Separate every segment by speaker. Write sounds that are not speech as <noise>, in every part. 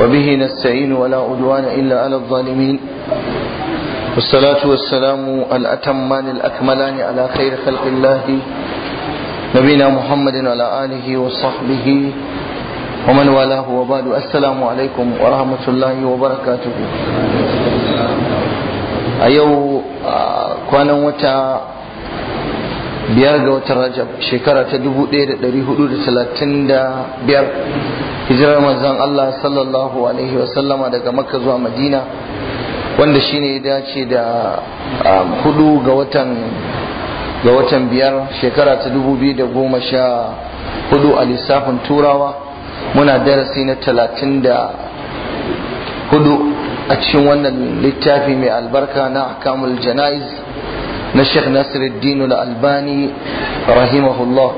Speaker 1: وبه نستعين ولا عدوان إلا على الظالمين والصلاة والسلام الأتمان الأكملان على خير خلق الله نبينا محمد وعلى آله وصحبه ومن والاه وبعد السلام عليكم ورحمة الله وبركاته أيو كان وتا biyar ga watan rajab shekara ta 1435 hijirar manzon Allah sallallahu alaihi wasallama daga makka zuwa madina wanda shi ne ya dace da um, hudu ga watan ga watan biyar shekara ta 2014 a lissafin turawa muna darasi na 34 a cikin wannan littafi mai albarka na akamul jana'iz na Sheikh Nasiruddin Al-Albani rahimahullah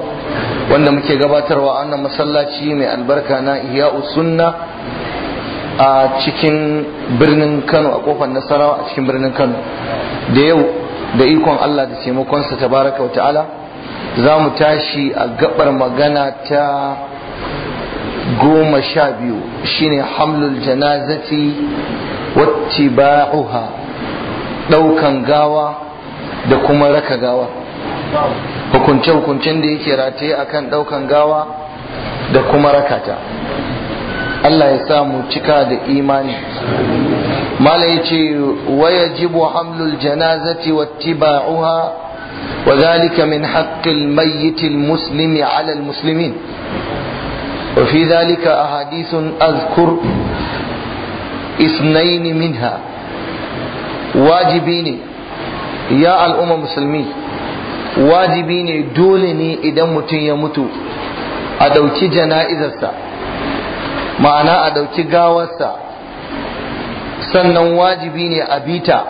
Speaker 1: wanda muke gabatarwa annan masallaci mai albarka na iya Sunna a cikin birnin Kano a kofar Nasarawa a cikin birnin Kano da yau da ikon Allah da taimakonsa tabaraka wa ta'ala za mu tashi a gabar magana ta goma sha biyu shine hamlul janazati wattiba'uha daukan gawa da kuma raka gawa hukunce-hukuncen da yake rataye akan ɗaukan gawa da kuma rakata Allah ya sa mu cika da imani mala ya ce wayajibu hamlul janazati wattiba'uha wa zalika min haqqil mayyitil muslimi ala muslimin wa fi zalika ahadithun azkur اثنين منها واجبين ya al'umma musulmi wajibi ne dole ne idan mutum ya mutu a ɗauki jana'izarsa ma'ana a ɗauki gawarsa sannan wajibi ne a bita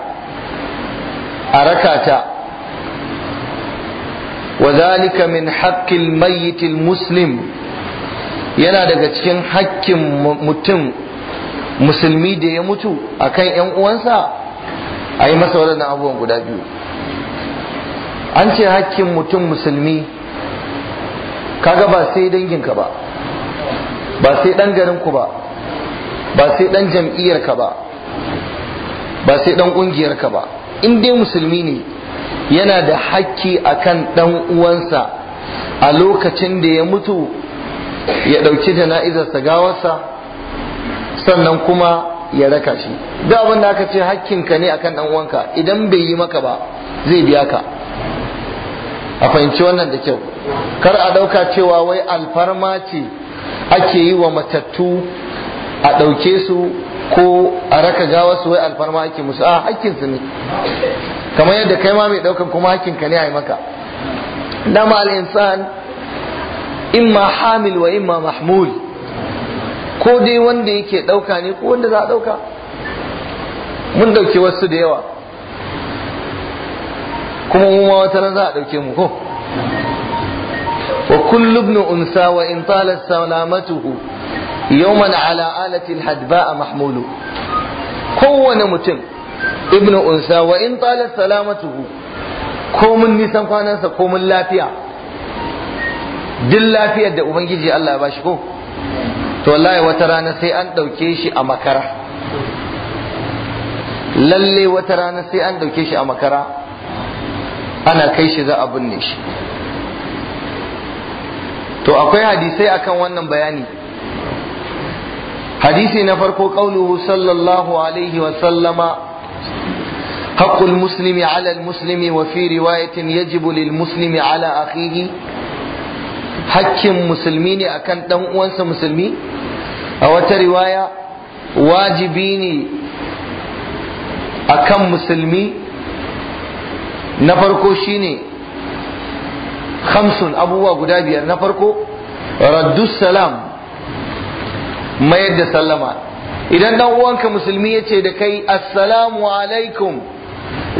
Speaker 1: a rakata wazalika min haƙƙin الميت muslim yana daga cikin haƙƙin mutum musulmi da ya mutu akan 'yan uwansa a yi masa waɗannan abubuwan guda biyu an ce hakkin mutum musulmi kaga ba sai danginka ba ba sai ɗan garinku ba ba sai ɗan jam'iyyarka ba ba sai ɗan ƙungiyarka ba in dai musulmi ne yana da hakki akan ɗan uwansa a lokacin da ya mutu ya ɗauki jana'izarsa gawarsa sannan kuma ya raka shi duk abin da aka ce hakkinka ne akan dan uwanka idan bai yi maka ba zai biya ka
Speaker 2: a fahimci wannan
Speaker 1: da kyau kar a dauka cewa wai alfarma ce ake yi wa matattu a dauke su ko a raka gawa su wai alfarma ake musu a hakkin su ne kamar yadda kai ma mai daukan kuma ka ne a yi maka dama al-insan imma hamil wa imma mahmul ko dai wanda yake ɗauka ne ko wanda za a ɗauka mun ɗauki wasu da yawa kuma mu ma wata ran za a ɗauke mu ko wa kullu ibn unsa wa in talat salamatuhu yawman ala alati alhadba mahmulu kowane mutum ibn unsa wa in talat salamatuhu ko mun nisan kwanansa ko mun lafiya duk lafiyar da ubangiji Allah ya bashi ko to wallahi wata rana sai an ɗauke shi a makara lalle wata rana sai an ɗauke shi a makara ana kai shi za a binne shi to akwai hadisai akan wannan bayani hadisi na farko ƙaunuhu sallallahu alaihi wa sallama حق المسلم على المسلم وفي رواية يجب للمسلم على أخيه حق مسلمين أكن دم وانس مسلمين a wata riwaya wajibi ne akan musulmi
Speaker 2: na farko shi
Speaker 1: ne khamsun abubuwa guda biyar na farko raddus salam mayar da sallama idan dan uwanka musulmi ya ce da kai assalamu alaikum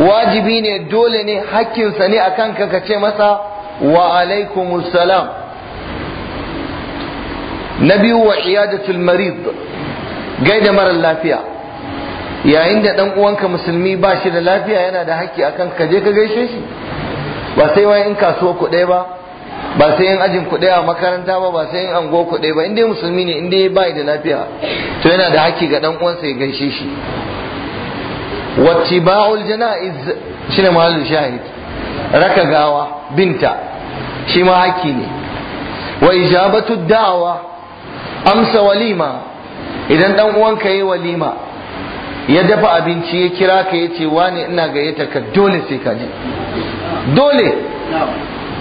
Speaker 1: wajibi ne dole ne hakkinsa ne a kanka ka ce masa wa alaikumussalam salam na biyu wa iyadatul marid gaida marar lafiya yayin da dan uwanka musulmi ba shi da lafiya yana da haƙƙi akan ka je ka gaishe shi ba sai wai in kasuwa ku ɗaya ba ba sai in ajin ku ɗaya a makaranta ba ba sai in ango ku ɗaya ba in musulmi ne in ba da lafiya to yana da haƙƙi ga dan uwansa ya gaishe shi wattiba'ul jana'iz shine mahallin shahid raka gawa binta shi ma haƙƙi ne wa ijabatu da'wa amsa walima idan dan uwanka yi walima ya dafa abinci ya kira ka ya ce wane ina gayyata ka dole sai ka je dole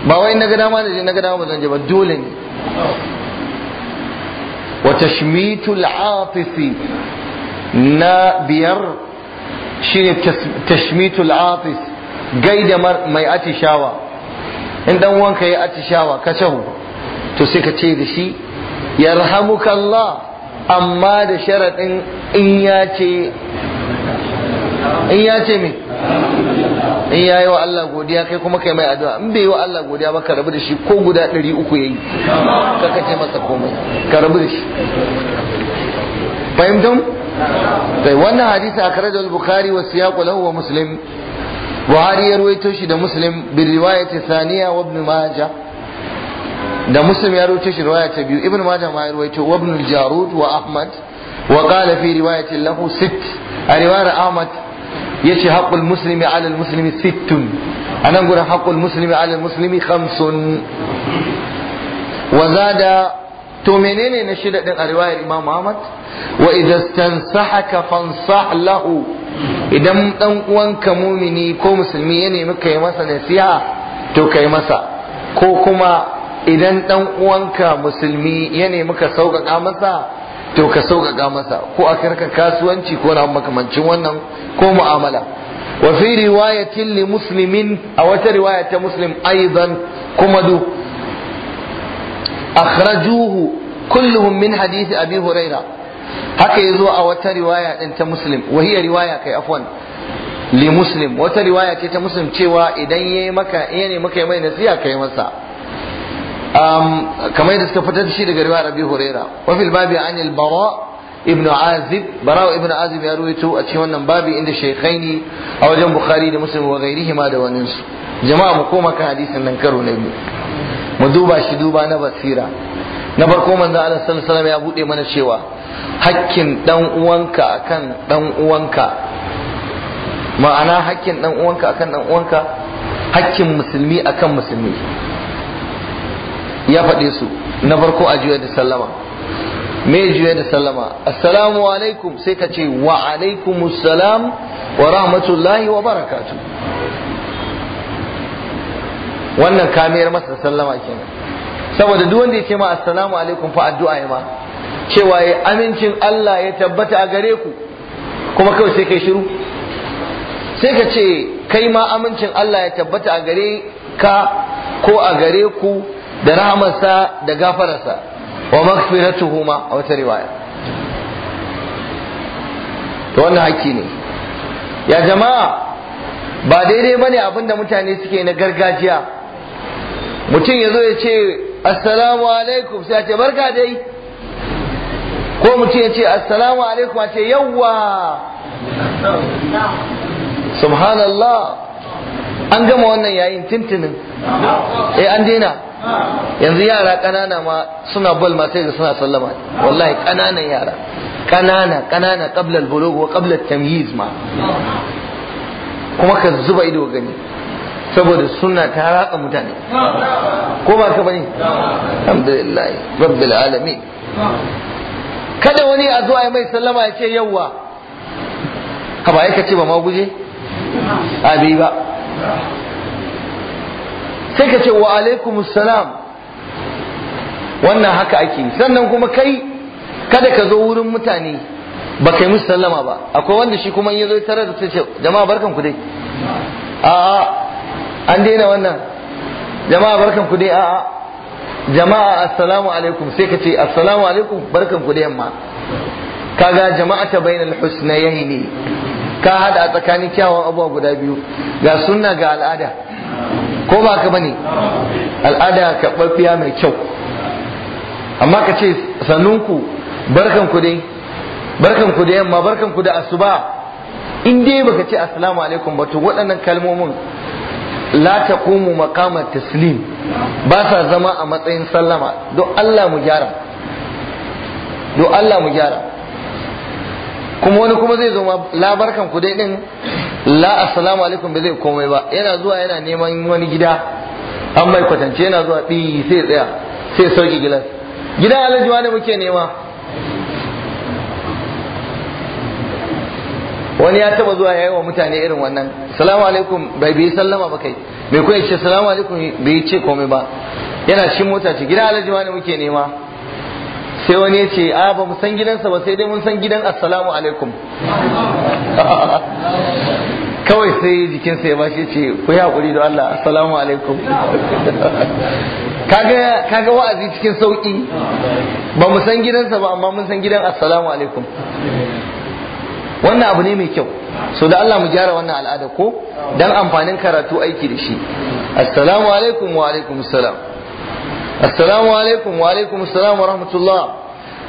Speaker 1: ba wai na gada ma da je na gada ba zan je ba dole ne wa tashmitul atisi na biyar shine tashmitul atis gaida mai atishawa in dan wanka ya atishawa ka to sai ka ce da shi yarhamukallah amma da sharaɗin in ya ce in ya ce me in ya yi wa Allah godiya kai kuma kai mai addu'a in bai yi wa Allah godiya ba ka rabu da shi ko guda ɗari uku ya yi ka ce masa komai ka rabu da shi fahimtum? sai wannan hadisi a kare da bukari wa ya kula wa muslim buhari ya ruwaito shi da muslim bin riwayati saniya wa ibn majah da muslim ya rawaito shi riwaya ta biyu ibn majah ma ya rawaito wa ibn jarud wa ahmad wa qala fi riwayatin lahu sitt a riwayar ahmad yace haqqul muslimi ala al muslimi sittun anan gurin haqqul muslimi ala al muslimi khamsun wa zada to menene na shida din a riwayar imam ahmad wa idza stansahaka fansah lahu idan dan uwanka mumini ko musulmi ya nemi kai masa nasiha to kai masa ko kuma idan dan uwanka musulmi ya nemi ka sauƙaƙa masa to ka sauƙaƙa masa ko a karka kasuwanci ko na makamancin wannan ko mu'amala wa fi riwayatin li muslimin a wata riwaya ta muslim aidan kuma du akhrajuhu kulluhum min hadisi abi huraira haka yazo a wata riwaya din ta muslim wa hiya riwaya kai afwan
Speaker 2: li muslim
Speaker 1: wata riwaya ce ta muslim cewa idan yayi maka yayi maka mai nasiha kai masa kamar yadda suka fitar da shi daga riwayar Abi Huraira wa fil babi an al bara ibn azib bara ibn azib ya ruwaito a cikin wannan babi inda shaykhaini a wajen bukhari da muslim wa ma da wannan su jama'a mu koma kan hadisin nan karo na biyu mu duba shi duba na basira na farko manzo Allah sallallahu alaihi wasallam ya bude mana cewa
Speaker 2: hakkin
Speaker 1: dan uwanka akan dan uwanka ma'ana hakkin dan uwanka akan dan uwanka hakkin musulmi akan musulmi ya faɗe su na farko a juya da sallama me juya da sallama assalamu alaikum sai ka ce wa alaikumussalam wa rahmatullahi wa barakatu
Speaker 2: wannan kamiyar
Speaker 1: masa sallama kenan saboda duk wanda ya ce ma assalamu alaikum fa addu'a ya ma cewa ya amincin Allah ya tabbata a gare ku kuma kawai sai kai shiru sai ka ce kai ma amincin Allah ya tabbata a gare ka ko a gare ku da rahamarsa da gafararsa wa maghfiratuhu a wata riwaya to wannan haƙƙi ne ya jama'a ba daidai bane abin da mutane suke na gargajiya mutum ya zo ya ce assalamu alaikum sai a ce barka dai ko mutum ya ce assalamu alaikum a ce yawwa subhanallah an gama wannan yayin tintinin eh an daina yanzu yara ƙanana ma suna bal ma sai suna sallama wallahi ƙananan yara ƙanana ƙanana qabla al-bulugh wa qabla tamyiz ma kuma ka zuba ido gani saboda suna ta ratsa mutane ko ba ka bane alhamdulillah rabbil alamin kada wani a zuwa mai sallama ya ce yawwa ka ba ka ce ba ma guje a bai ba sai ka ce wa alaikum salam wannan haka ake sannan kuma kai kada ka zo wurin mutane ba kai musu sallama ba akwai wanda shi kuma ya zo tare da ce jama'a barkan ku dai a'a an daina wannan jama'a barkan ku dai a'a jama'a assalamu alaikum sai ka ce assalamu alaikum barkan ku dai yamma kaga jama'a ta bainal ne ka hada tsakanin kyawun abubuwa guda biyu ga sunna ga al'ada ko ba ka bane al'ada karɓaɓɓiya mai kyau amma ka ce sannunku barkanku dai barkanku da yamma barkanku da asuba in dai baka ce assalamu alaikum ba to waɗannan kalmomin la taqumu maqamat taslim ba sa zama a matsayin sallama don Allah mu gyara don Allah mu gyara kuma wani kuma zai zo ma labarkan ku dai din la assalamu alaikum bai zai komai ba yana zuwa yana neman wani gida an mai kwatance yana zuwa ɗi sai tsaya sai sauki gilas gidan alhaji ne muke nema wani ya taba zuwa ya yi wa mutane irin wannan salamu alaikum bai bi sallama ba kai bai kuma ce salamu alaikum bai ce komai ba yana shi mota ce gidan alhaji ne muke nema sai wani ya ce a ah, ba mu san gidansa ba sai dai mun san gidan assalamu alaikum
Speaker 2: <laughs>
Speaker 1: kawai sai jikinsa ya bashi ce ku ya haƙuri da Allah assalamu alaikum <laughs> kaga wa'azi cikin sauƙi ba mu san gidansa ba amma mun san gidan assalamu alaikum wannan abu ne mai kyau so da Allah mu gyara wannan al'ada ko dan amfanin karatu aiki da shi assalamu alaikum wa alaikum assalam assalamu alaikum wa alaikum assalam wa rahmatullah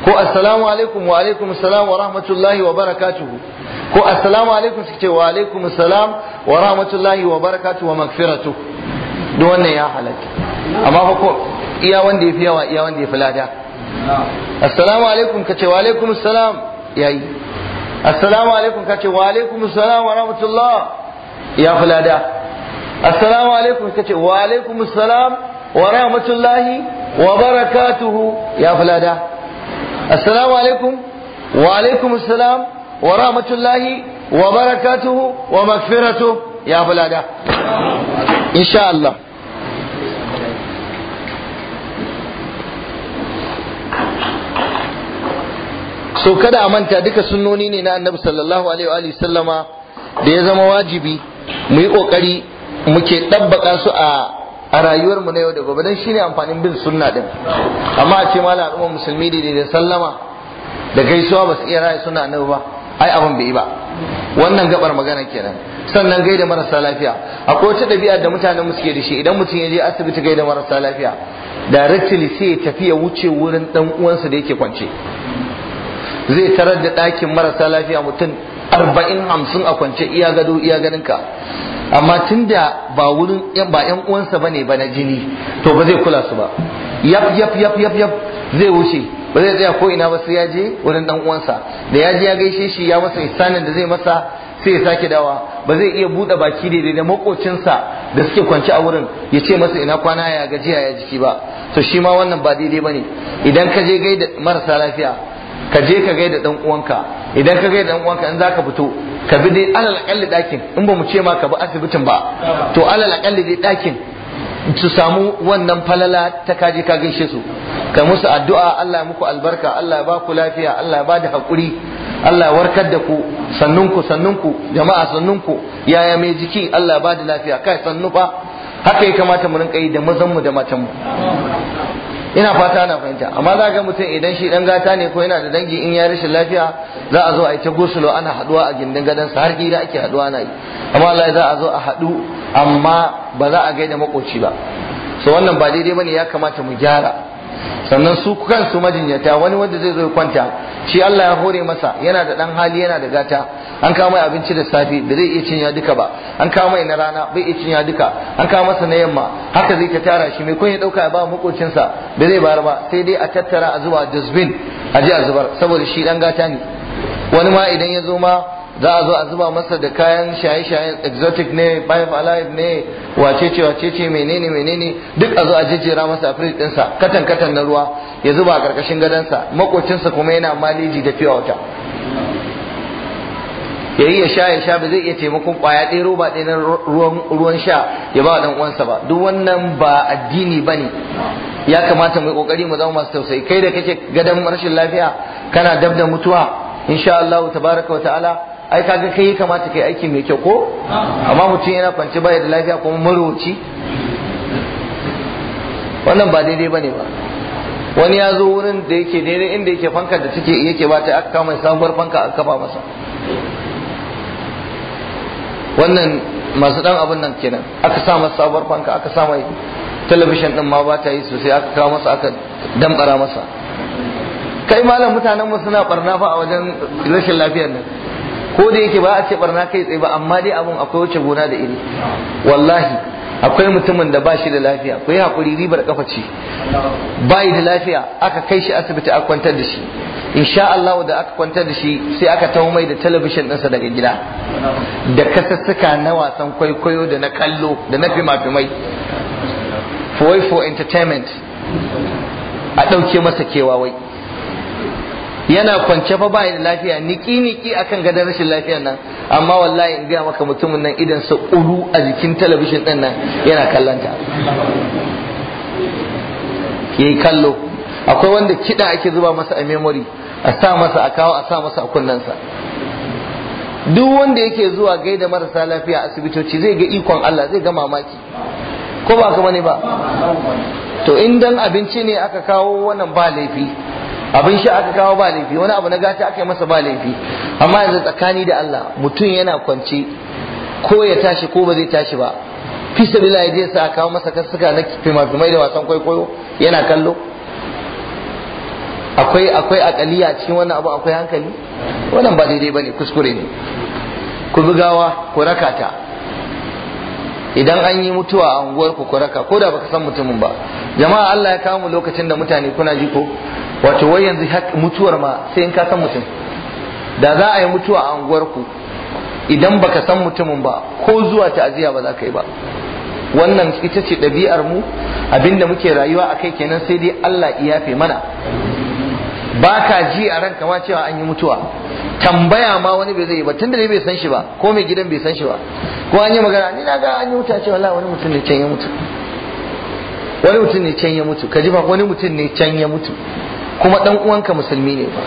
Speaker 1: ko assalamu alaikum wa alaikum assalam wa rahmatullahi wa barakatuhu ko assalamu alaikum suke wa alaikum assalam wa rahmatullahi wa barakatuhu wa magfiratu duk wannan ya halatta amma fa ko iya wanda ya fi yawa iya wanda ya fi lada assalamu alaikum kace wa alaikum assalam yayi assalamu alaikum kace wa alaikum assalam wa rahmatullah
Speaker 2: ya fi lada
Speaker 1: assalamu alaikum kace wa alaikum assalam wa rahmatullahi wa barakatuhu ya fi lada assalamu alaikum wa alaikum assalam wa rahmatullahi wa barakatuhu wa magfiratu ya bulada insha Allah so kada a duka sunnoni ne na annabi sallallahu alaihi wa sallama da ya zama wajibi mu yi kokari muke ɗabbaka su a a rayuwar mu na yau da gobe dan shine amfanin bin sunna din amma a ce malam al'umma musulmi da da sallama da gaisuwa ba su iya rayu suna annabi ba ai abin bai ba wannan gabar magana kenan sannan gaida marasa lafiya akwai wata ɗabi'a da mutanen mu suke da shi idan mutum ya je asibiti gaida marasa lafiya directly sai ya tafi ya wuce wurin dan uwansa da yake kwance zai tarar da ɗakin marasa lafiya mutum arba'in hamsin a kwance iya gado iya ganinka amma da ba wurin ba yan uwansa bane ba na jini to ba zai kula su ba yaf yaf yaf yaf yaf zai wuce ba zai tsaya ko ina ba sai ya je wurin dan uwansa da ya je ya gaishe shi ya masa ihsanin da zai masa sai ya sake dawa ba zai iya bude baki daidai da makocinsa da suke kwance a wurin ya ce masa ina kwana ya gajiya ya jiki ba to shi ma wannan ba daidai bane idan ka je gaida marasa lafiya ka je ka gaida dan uwanka idan ka gaida dan uwanka in zaka fito ka bi dai alal akalli dakin in ba mu ce ma ka bi asibitin ba to alal akalli dai dakin su samu wannan falala ta kaje ka gaishe su ka musu addu'a Allah ya muku albarka Allah ya ba ku lafiya Allah ya ba da hakuri Allah ya warkar da ku sannunku ku jama'a ku yaya mai jiki Allah ya ba da lafiya kai sannu fa haka ya kamata mu rinka yi da mazan da matanmu.
Speaker 2: ina fata na
Speaker 1: fahimta amma za ga mutum idan shi dan gata ne ko yana da dangi in ya rashin lafiya za a zo a yi ta gosulo ana haduwa a gindin gadon sa har gida ake haduwa na yi amma Allah za a zo a hadu amma ba za a gaida makoci ba so wannan ba daidai bane ya kamata mu gyara sannan su kansu majinyata wani wanda zai zo ya kwanta shi Allah ya hore masa yana da dan hali yana da gata an kawo mai abinci da safi da zai iya cinya duka ba an kawo mai na rana bai iya cinya duka an kawo masa na yamma haka zai ta tara shi mai kun ya dauka ya ba makocinsa da zai bayar ba sai dai a tattara a zuba dustbin a je a zubar saboda shi dan gata ne wani ma idan ya zo ma za a zo a zuba masa da kayan shaye shaye exotic ne five alive ne wacece wacece menene menene duk a zo a jejjera masa a fridge dinsa katan katan na ruwa ya zuba a gadan sa makocinsa kuma yana maliji da fiye wata ya yi ya sha ya sha ba zai iya taimakon kwaya ɗaya roba ɗaya na ruwan sha ya ba ɗan uwansa ba duk wannan ba addini ba ne ya kamata mu yi ƙoƙari mu zama masu tausayi kai da kake gadon rashin lafiya kana dab da mutuwa insha Allah tabaraka wa ta'ala ai kaga kai ya kamata kai aiki mai kyau ko amma mutum yana kwance baya da lafiya kuma marwaci wannan ba daidai ne ba wani ya zo wurin da yake daidai inda yake fankar da take yake ba ta aka kama sabuwar fanka aka kafa masa wannan masu dan abin nan kenan aka sa masa sabuwar fanka aka sa mai talabishin din ma ba ta yi sosai aka kawo masa aka damkara masa kai malam mutanen mu suna barna fa a wajen rashin lafiyar nan ko da yake ba a ce barna kai tsaye ba amma dai abun akwai wuce gona da iri wallahi akwai mutumin da ba shi da lafiya ku yi hakuri ribar kafa ce ba da lafiya aka kai shi asibiti aka kwantar da shi insha Allah da aka kwantar da shi sai aka taho mai da talabishin ɗinsa daga gida da kasassuka na wasan kwaikwayo da na kallo da na fima-fimai for for entertainment a ɗauke masa kewa wai yana kwance fa yi da lafiya niki niki akan gadon rashin lafiya nan amma wallahi in gaya maka mutumin nan idan sa uru a jikin talabishin din nan yana kallanta yayi kallo akwai wanda kida ake zuba masa a memory a sa masa a kawo a sa masa a kunnensa duk wanda yake zuwa gaida marasa lafiya a asibitoci zai ga ikon Allah zai ga mamaki ko ba kuma ne ba to in dan abinci ne aka kawo wannan ba laifi abin sha aka kawo ba laifi wani abu na gata aka yi masa ba laifi amma yanzu tsakani da Allah mutum yana kwance ko ya tashi ko ba zai tashi ba fi sabila ya je sa kawo masa kasuka na fimafimai da wasan kwaikwayo yana kallo akwai akwai akaliya cikin wannan abu akwai hankali wannan ba daidai bane kuskure ne ku bugawa ku raka ta idan an yi mutuwa a unguwar ku raka ko da baka san mutumin ba jama'a Allah ya kawo mu lokacin da mutane kuna ji ko wato wai yanzu mutuwar ma sai in ka san mutum da za a yi mutuwa a ku idan baka san mutumin ba ko zuwa ta'aziyya ba za ka yi ba wannan ita ce ɗabi'ar mu abinda muke rayuwa a kai kenan sai dai Allah ya yafe mana ba ka ji a ranka ma cewa an yi mutuwa tambaya ma wani bai zai yi ba tunda dai bai san shi ba ko mai gidan bai san shi ba ko an yi magana ni na ga an yi mutuwa cewa la wani mutum ne can ya mutu wani mutum ne can ya mutu ka ji ba wani mutum ne can ya mutu kuma dan uwanka musulmi ne ba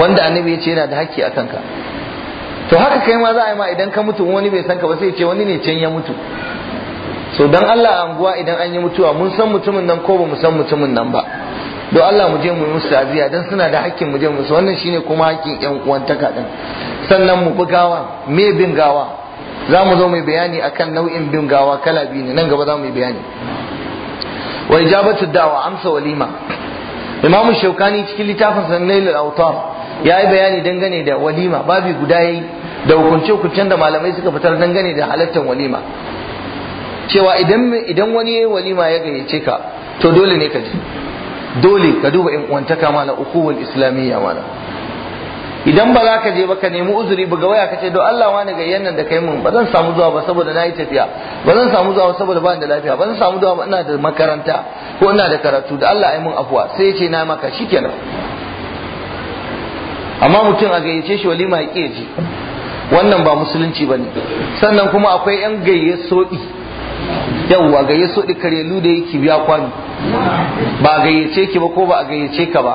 Speaker 1: wanda annabi ya ce yana da haƙƙi a kanka to haka kai ma za a yi ma idan ka mutu wani bai san ka ba sai ce wani ne can ya mutu so dan Allah a anguwa idan an yi mutuwa mun san mutumin nan ko ba mu san mutumin nan ba don Allah mu je mu yi musu ta'aziyya dan suna da haƙƙin mu je musu wannan shine kuma haƙƙin ƴan uwantaka din sannan mu bugawa me bin gawa za mu zo mai bayani akan nau'in bin gawa kala biyu ne nan gaba za mu yi bayani wa ijabatu da'wa amsa walima imamu shaukani cikin littafin sanailul autar ya yi bayani dangane da walima babi guda yayi da hukunce hukuncen da malamai suka fitar dangane da halattar walima cewa idan wani ya yi walima ya gayyace ka to dole ne ka ji dole ka duba in uwantaka mala ukuwal islamiyya mala idan ba za ka je ba ka nemi uzuri buga waya ka ce don Allah wani gayyan nan da kai mun ba zan samu zuwa ba saboda na yi tafiya ba zan samu zuwa ba saboda ba ni da lafiya ba zan samu zuwa ba ina da makaranta ko ina da karatu da Allah ai mun afuwa sai ya ce na maka shikenan amma mutum a gayyace shi walima ya ƙi ji wannan ba musulunci ba ne sannan kuma akwai yan gayye soɗi yawwa gayye soɗi karelu da yake biya kwami ba a gayyace ki ba ko ba a gayyace ka ba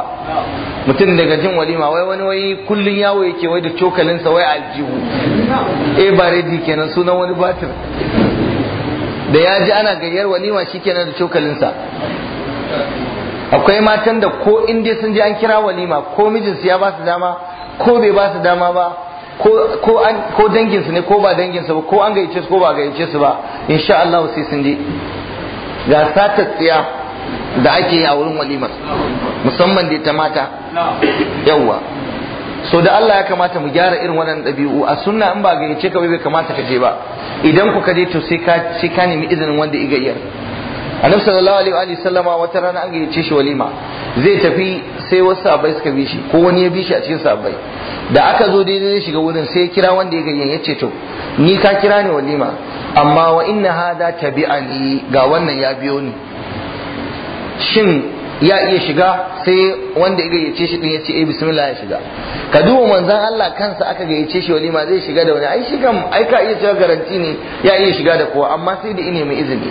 Speaker 1: mutum daga jin walima wai wani wai kullun yawo yake wai da cokalinsa wai aljihu eh ba redi kenan sunan wani batir da ya ji ana gayyar walima shi kenan da cokalinsa akwai matan da ko in dai sun ji an kira walima ko mijinsu ya ba su dama ko bai ba su dama ba ko danginsu ne ko ba danginsu ba ko an gayyace su ko ba gayyace su ba insha Allah sai sun je ga satar tsiya da ake yi a wurin walimar musamman da ta mata yawwa so da Allah ya kamata mu gyara irin wannan dabi'u a sunna in ba gayyace ka bai kamata ka je ba idan kuka je to sai ka sai ka nemi izinin wanda ya gayyar annabi sallallahu alaihi wa sallama wata rana an gayyace shi walima zai tafi sai wasu sahabbai suka bi shi ko wani ya bi shi a cikin sahabbai da aka zo daidai zai shiga wurin sai ya kira wanda ya gayyan yace to ni ka kira ni walima amma wa inna hada tabi'ani ga wannan ya biyo ni shin ya iya shiga sai wanda ya gayyace shi din ya ce eh bismillah ya shiga ka duba manzon Allah kansa aka gayyace shi ma zai shiga da wani ai shi kam ai ka iya cewa garanti ne ya iya shiga da kowa amma sai da ine mai izini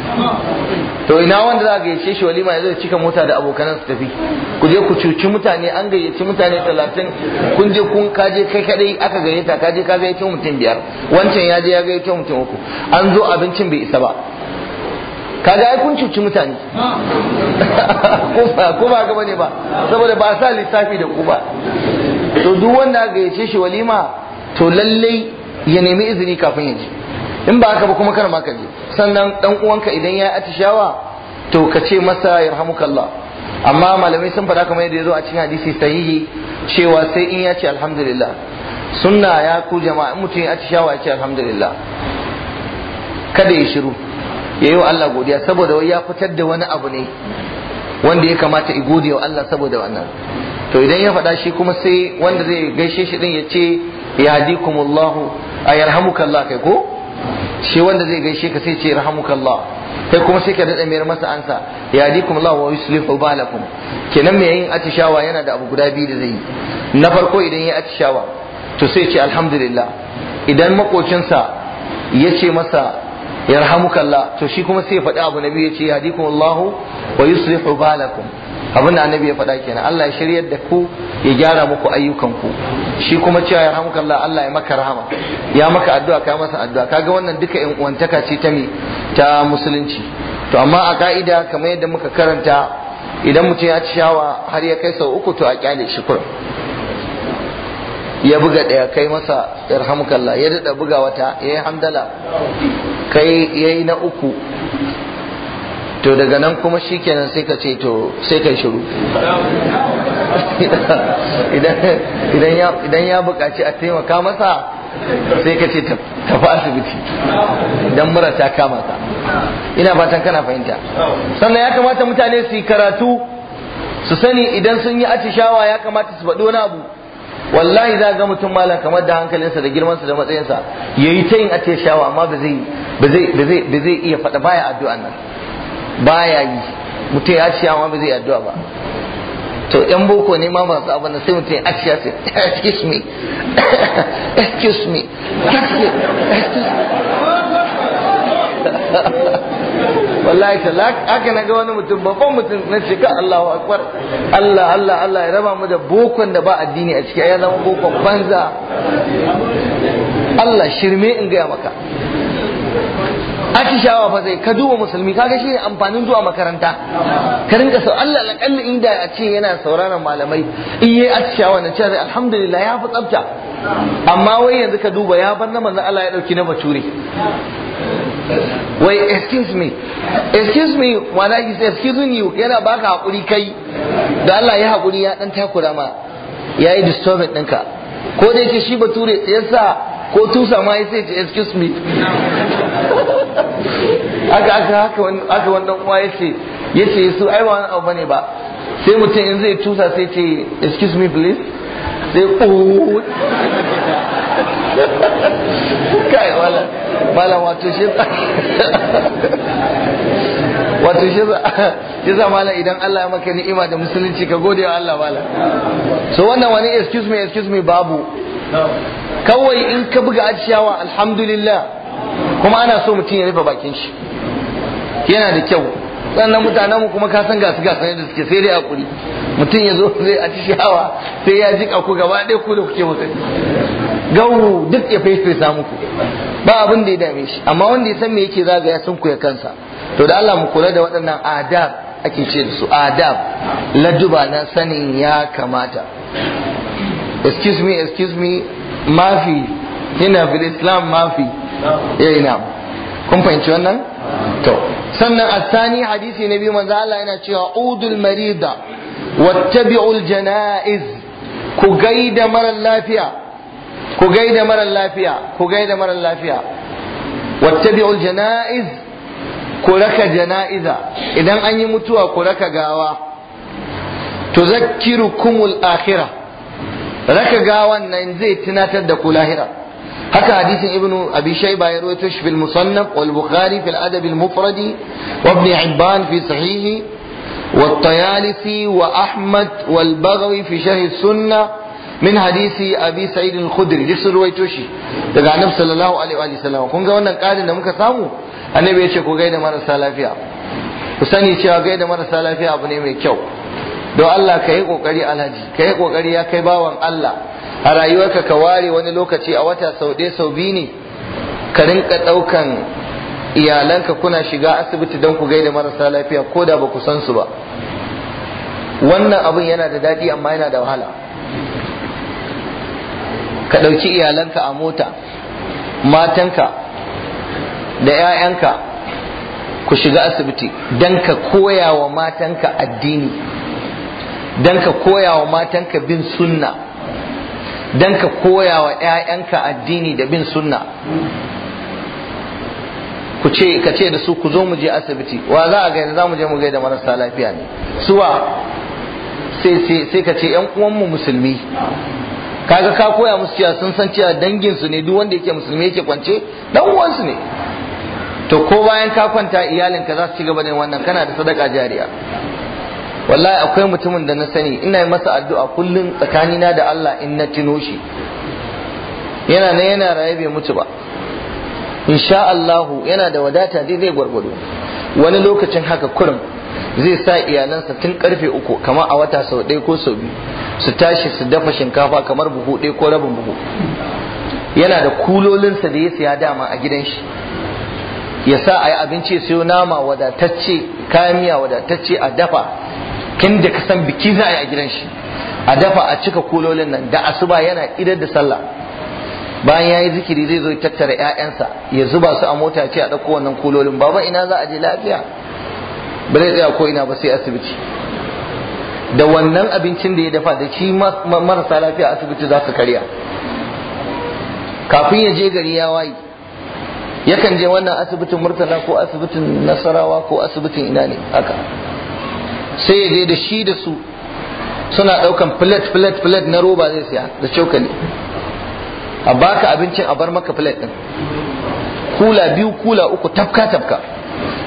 Speaker 1: to ina wanda za a gayyace shi walima zai cika mota da abokanan su tafi ku je ku cuci mutane an gayyaci mutane 30 kun je kun kaje kai kadai aka gayyata kaje ka gayyace mutum biyar wancan ya je ya gayyace mutum uku an zo abincin bai isa ba kaga ai kun cuci mutane ko ba ga bane ba saboda ba sa lissafi da ku ba to duk wanda ya yace shi walima to lallai ya nemi izini kafin ya je in ba haka ba kuma kar ma ka je sannan dan uwanka idan ya atishawa to ka ce masa yarhamukallah amma malamai sun faɗa kamar yadda ya zo a cikin hadisi sahihi cewa sai in ya ce alhamdulillah sunna ya ku jama'a mutum ya atishawa ya ce alhamdulillah kada ya shiru yayi wa Allah godiya saboda wai ya fitar da wani abu ne wanda ya kamata i godiya wa Allah saboda wannan to idan ya faɗa shi kuma sai wanda zai gaishe shi din ya ce yahdikumullahu ayarhamukallah kai ko shi wanda zai gaishe ka sai ce yarhamukallah kai kuma sai ka dada mayar masa ansa yahdikumullahu wa yuslihu balakum kenan mai yin atishawa yana da abu guda biyu da zai yi na farko idan ya atishawa to sai ce alhamdulillah idan makocinsa ya ce masa yarhamukallah to shi kuma sai ya faɗi abu nabi ya ce yahdikum Allahu wa yuslihu balakum abin da annabi ya faɗa kenan Allah ya shiryar da ku ya gyara muku ayyukanku shi kuma cewa ya ramuka Allah Allah ya maka rahama ya maka addu'a ka masa addu'a kaga wannan duka yan uwantaka ce ta me ta musulunci to amma a ka'ida kamar yadda muka karanta idan mutum ya ci shawa har ya kai sau uku to a kyale shi kurum ya buga daya kai masa irhamukallah ya dada buga wata ya yi hamdala kai ya yi na uku to daga nan kuma shi kenan sai ka ce to sai kai shiru <laughs> idan ya buƙaci a taimaka masa sai ka ce tafi asibiti don mura ta kama ta ina fatan kana fahimta sannan ya kamata mutane su yi karatu su sani idan sun yi atishawa ya kamata su faɗi wani abu wallahi za ga mutum malam kamar da hankalinsa da girmansa da matsayinsa yayi ta yin ace shawa amma ba zai ba zai ba zai iya faɗa baya addu'an nan baya yi mutum ya ciya amma ba zai addu'a ba to yan boko ne ma masu abin sai mutum ya ciya sai <coughs> excuse me excuse me
Speaker 2: excuse me
Speaker 1: wallahi talak aka na ga wani mutum babban mutum na ce ka Allahu akbar Allah Allah Allah ya raba mu da bokon da ba addini a ciki ya zama bokon banza Allah shirme in gaya maka shawa fa zai ka duba musulmi kaga shi amfanin zuwa makaranta ka rinka sau
Speaker 2: Allah alƙalla
Speaker 1: inda a ce yana sauraron malamai in yi atishawa na ce alhamdulillah ya fi tsabta, amma wai yanzu ka duba ya bar na manzo Allah ya dauki na bature wai excuse me excuse me mana ki sai excuse me yana baka hakuri kai da Allah ya hakuri ya dan takura ma yayi disturbance dinka. ko da yake shi bature yasa ko tusa ma yace excuse me aka <laughs> aka haka aka wannan uwa yace yace su ai ba wani abu bane ba sai mutum in zai tusa sai ce excuse me please sai oh. kai wala wala wato shi wato shi shi mala idan Allah ya maka ni'ima da musulunci ka gode wa Allah mala so wannan wani excuse me excuse me babu kawai in ka buga ajiyawa alhamdulillah kuma ana so mutum ya rufe bakin shi yana da kyau sannan mutanen mu kuma ka san ga su gasan da suke sai dai akuri mutum ya zo zai a ci shawa sai ya jika ku gaba ɗaya ku da kuke masa gawo duk ya samu muku ba abin da ya dame shi amma wanda ya san me yake zagaya sun ya kansa to da Allah mu kula da waɗannan adab ake ce da su adab laduba na sanin ya kamata excuse me excuse me mafi yana bil islam mafi yayi eh, na kun fahimci wannan to sannan asani hadisi na biyu manzo Allah yana cewa udul marida
Speaker 2: wattabi'ul
Speaker 1: janaiz ku gaida marar lafiya ku gaida marar lafiya ku gaida marar lafiya wattabi'ul janaiz ku raka janaiza idan an yi mutuwa ku raka gawa zakkirukumul akhirah raka gawan nan zai tunatar da ku lahira haka حديث ابن abi shayba ya rawaito shi fil musannaf wal bukhari fil adab al mufradi
Speaker 2: wa
Speaker 1: والطيالسي وأحمد والبغوي في شرح السنة من حديث أبي سعيد الخدري دي سر ويتوشي دقى النبي صلى الله عليه وآله وسلم كون قولنا قال لنا مكا سامو النبي يشي كو غيدا مرة سالافيا وساني يشي غيدا مرة abu ne mai kyau don Allah ka yi kokari alhaji ka yi kokari ya kai bawan Allah a rayuwarka ka ware wani lokaci a wata sau ɗaya sau biyu ne ka rinka ɗaukan iyalanka kuna shiga asibiti don ku gaida marasa lafiya ko da ba ku san su ba
Speaker 2: wannan abin yana
Speaker 1: da daɗi amma yana da wahala ka ɗauki iyalanka a mota matanka da 'ya'yanka ku shiga asibiti don ka koya wa matanka addini don ka koya wa matanka bin sunna don ka koya wa 'ya'yanka addini da bin sunna ku ce ka ce da su ku zo mu je asibiti wa za a gaida za mu je mu gaida marasa lafiya ne suwa sai sai ka ce yan uwanmu musulmi kaga ka koya musu cewa sun san cewa dangin su ne duk wanda yake musulmi yake kwance dan uwansu ne to ko bayan ka kwanta iyalin ka za su ci gaba da wannan kana da sadaka jariya wallahi akwai mutumin da na sani ina masa addu'a kullum tsakanina da Allah in na tuno shi yana na yana raye bai mutu ba insha Allahu yana da wadata daidai gwargwado wani lokacin haka kurum zai sa iyalansa tun karfe uku kamar a wata sau ɗaya ko sau biyu su tashi su dafa shinkafa kamar buhu ɗaya ko rabin buhu yana da kulolinsa da ya siya dama a gidan shi ya sa a yi abinci siyo nama wadatacce kayan miya wadatacce a dafa kin ka san biki za a yi a gidan shi a dafa a cika kulolin nan da asuba yana idar da sallah bayan yayi zikiri zai zo tattara 'ya'yansa ya zuba su a mota ce a ɗauko wannan kulolin baba ina za a je lafiya ba zai tsaya ko ina ba sai asibiti da wannan abincin da ya dafa da shi marasa lafiya asibiti za su karya kafin ya je gari ya wayi yakan je wannan asibitin murtala ko asibitin nasarawa ko asibitin ina ne haka sai ya je da shi da su suna ɗaukan plate plate plate na roba zai siya da cokali a baka abincin a bar maka plate din kula biyu kula uku tafka tafka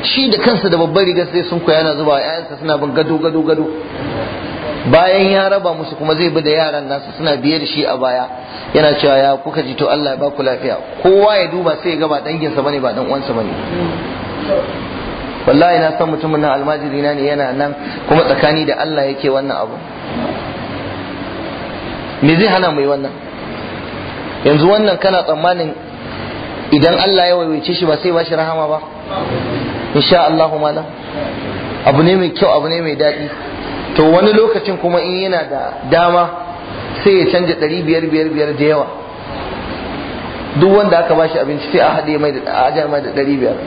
Speaker 1: shi da kansa da babbar rigar sai sun koya yana zuba yayansa suna bin gado gado gado bayan ya raba musu kuma zai bi da yaran nasu suna biye da shi a baya yana cewa ya kuka ji to Allah ya baku lafiya kowa ya duba sai ya ga ba danginsa bane ba dan uwansa bane wallahi na san mutumin nan almajiri na ne yana nan kuma tsakani da Allah yake wannan abu me zai hana mu yi wannan yanzu wannan kana tsammanin idan Allah ya waiwace shi ba sai ba shi rahama ba insha Allah mala abu ne mai kyau abu ne mai daɗi to wani lokacin kuma in yana da dama sai ya canja ɗari biyar biyar biyar da yawa duk wanda aka bashi abinci sai a haɗe mai da ɗari biyar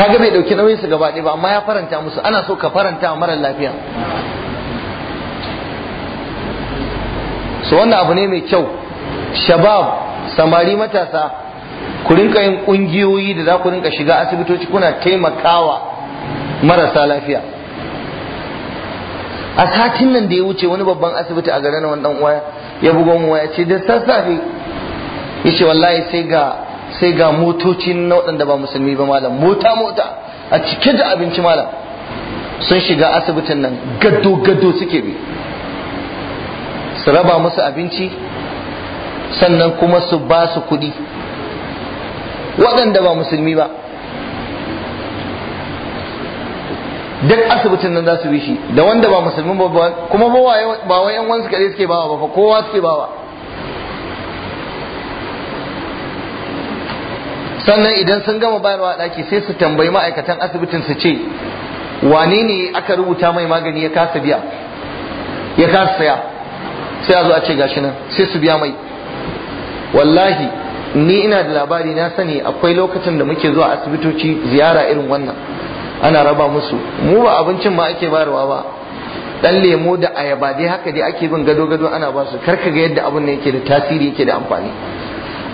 Speaker 1: kaga bai dauki nauyin su gaba ɗaya ba amma ya faranta musu ana so ka faranta wa mara lafiya su wannan abu ne mai kyau shabab samari matasa ku rinka yin kungiyoyi da za ku rinka shiga asibitoci kuna taimakawa marasa lafiya a satin nan da ya wuce wani babban asibiti a garin wani dan uwa ya bugon uwa waya ce da sassafe ce wallahi sai ga sai ga motoci na waɗanda ba musulmi ba malam mota mota a cike da abinci malam sun shiga asibitin nan gado gado suke bi su raba musu abinci sannan kuma su ba su kuɗi waɗanda ba musulmi ba duk asibitin nan za su bi shi da wanda ba musulmi ba kuma ba wa yan wansu kare suke bawa ba kowa suke bawa sannan idan sun gama bayarwa ɗaki sai su tambayi ma'aikatan asibitin su ce wane ne aka rubuta mai magani ya kasa biya ya kasa saya sai a zo a ce gashi nan sai su biya mai wallahi ni ina da labari na sani akwai lokacin da muke zuwa asibitoci ziyara irin wannan ana raba musu mu ba abincin ma ake bayarwa ba dan lemo da ayaba dai haka dai ake bin gado gado ana ba su karka ga yadda abun ne yake da tasiri yake da amfani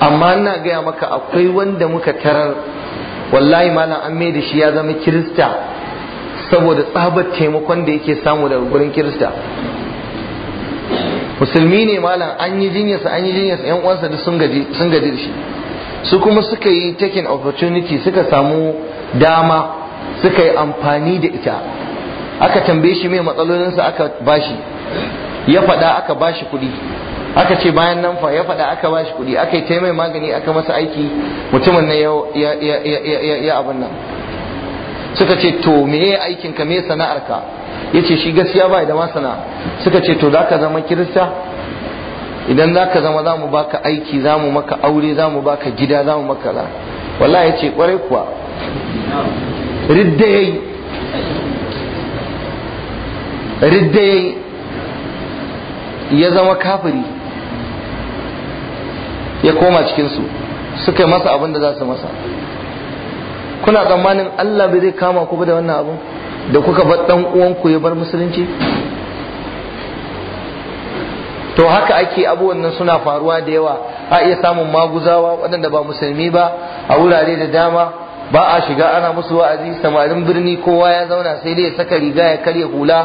Speaker 1: amma ina gaya maka akwai wanda muka tarar wallahi malam an mai da shi ya zama kirista saboda tsabar taimakon da yake samu daga gurin kirista musulmi ne malam an yi jinyarsa an yi jinyarsa yan uwansa duk sun gaji da shi su kuma suka yi taking opportunity suka samu dama suka yi amfani da ita
Speaker 2: aka tambaye shi
Speaker 1: mai matsalolinsa aka bashi ya faɗa aka bashi kuɗi
Speaker 2: aka ce bayan
Speaker 1: nan fa ya faɗa aka bashi kuɗi aka yi ta mai magani aka masa aiki mutumin nan ya abin nan suka ce to me ya aikin ka me sana'ar ka ya ce shi gaskiya ba da ma sana'a suka ce to zaka zama kirista idan zaka zama za mu baka aiki za mu maka aure za mu baka gida za mu maka la wallahi ya ce kwarai kuwa
Speaker 2: ridda yayi
Speaker 1: ridda yayi ya zama kafiri ya koma cikinsu suka yi masa abin da za su masa kuna tsammanin Allah bai zai kama ku da wannan abin
Speaker 2: da kuka bar dan
Speaker 1: uwanku ya bar musulunci to haka ake abubuwan nan suna faruwa da yawa a iya samun maguzawa waɗanda ba musulmi ba a wurare da dama ba a shiga ana musu wa'azi samarin birni kowa ya zauna sai dai ya saka riga ya karya hula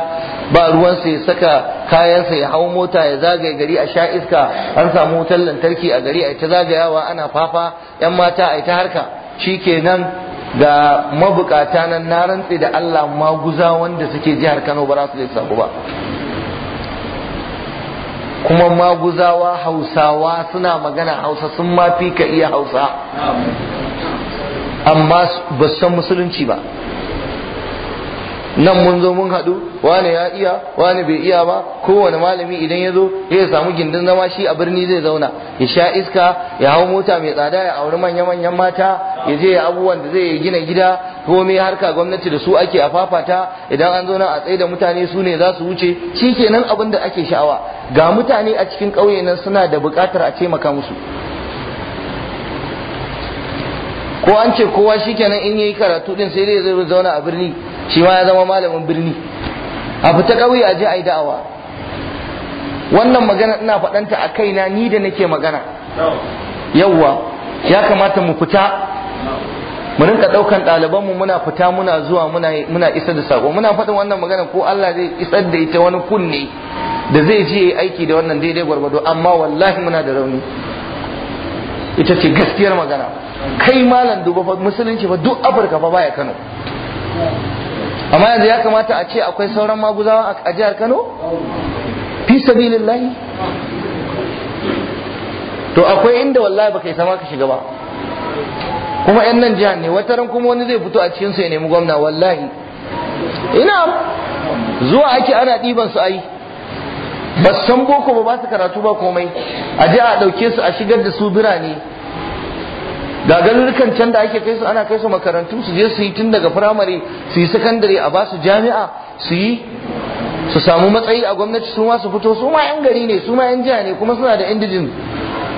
Speaker 1: ba ruwansa ya saka kayansa ya hau mota ya zagaya gari a sha iska an samu wutar lantarki a gari a ta zagayawa ana fafa yan mata a ta harka shikenan ga mabukata nan na rantse da Allah maguza wanda suke jihar Kano ba za su sabu ba kuma maguzawa hausawa suna magana hausa sun ma fi ka iya hausa amma ba su san musulunci ba nan mun zo mun haɗu wane ya iya wane bai iya ba kowane malami idan ya zo ya samu gindin zama shi a birni zai zauna ya sha iska ya hau mota mai tsada ya auri manya manyan mata ya je ya abubuwan da zai gina gida ko me harka gwamnati da su ake a fafata idan an zo nan a tsaye da mutane su ne za su wuce shi kenan abin da ake sha'awa ga mutane a cikin ƙauye nan suna da buƙatar a taimaka musu ko an ce kowa shikenan in yi karatu din sai dai zai zauna a birni shi ma ya zama malamin birni a fita ƙauye a je a yi da'awa wannan magana ina faɗanta a kaina ni da nake magana yawwa ya kamata mu fita
Speaker 2: mu rinka ɗaukan
Speaker 1: ɗalibanmu muna fita muna zuwa muna isar da sako muna faɗin wannan magana ko Allah zai isar da ita wani kunne da zai je aiki da wannan daidai gwargwado amma wallahi muna da rauni ita ce gaskiyar magana kai malam duba fa musulunci ba duk afirka ba baya kano
Speaker 2: amma yanzu ya kamata
Speaker 1: a ce akwai sauran maguzawa a jihar kano fi sabilillahi to akwai inda wallahi baka isa ma ka shiga ba kuma yan nan jihar ne wata ran kuma wani zai fito a cikin su ya nemi gwamna wallahi ina
Speaker 2: zuwa ake ana
Speaker 1: ɗiban su ayi ba san boko ba ba su karatu ba komai a je a ɗauke su a shigar da su birane ga garurukan can da ake kai su ana kai su makarantu su je su yi tun daga firamare su yi sakandare a basu jami'a su yi su samu matsayi a gwamnati su ma su fito su ma 'yan gari ne su ma 'yan jiha ne kuma suna da indijin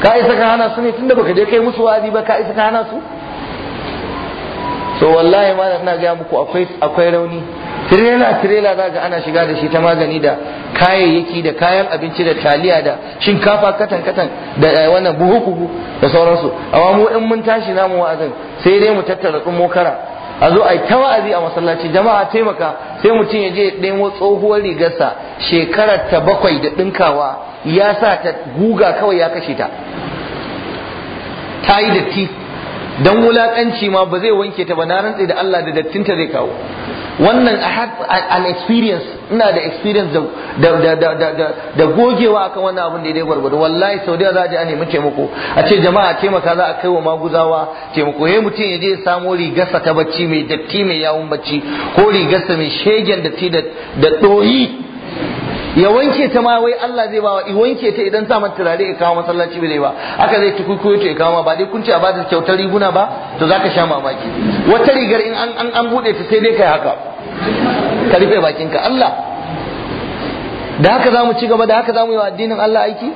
Speaker 1: ka isa ka hana su ne da baka je kai musu wa'azi ba ka isa ka hana su so wallahi ma ina gaya muku akwai rauni tirela tirela za ga ana shiga da shi ta magani da kayayyaki da kayan abinci da taliya da shinkafa katan katan da eh, wannan buhu buhu da sauransu amma mu in mun tashi namu wa'azin sai dai mu tattara tsun mokara a zo a yi ta wa'azi a masallaci jama'a taimaka sai mutum ya je ɗayan tsohuwar rigarsa shekarar ta bakwai da ɗinkawa ya sa ta guga kawai ya kashe ta ta yi datti don wulaƙanci ma ba zai wanke ta ba na rantse da Allah da dattinta zai kawo wannan i had an experience ina da experience da da gogewa akan wannan abin da ya dai gwargwado wallahi sau da za a je a nemi taimako a ce jama'a taimaka za a kai wa maguzawa taimako yayi mutum ya je ya samo rigarsa ta bacci mai datti mai yawun bacci ko rigarsa mai shegen datti da doyi ya wanke ta ma wai Allah zai bawa i wanke ta idan za mu turare ya kawo masallaci bai ba aka zai tuku kuikuyo ta ya kawo ba dai kun ce a bada kyautar riguna ba to zaka sha mamaki wata rigar in an an, an bude ta sai dai kai haka ka rufe bakinka Allah da haka za mu ci gaba da haka za mu yi wa addinin Allah aiki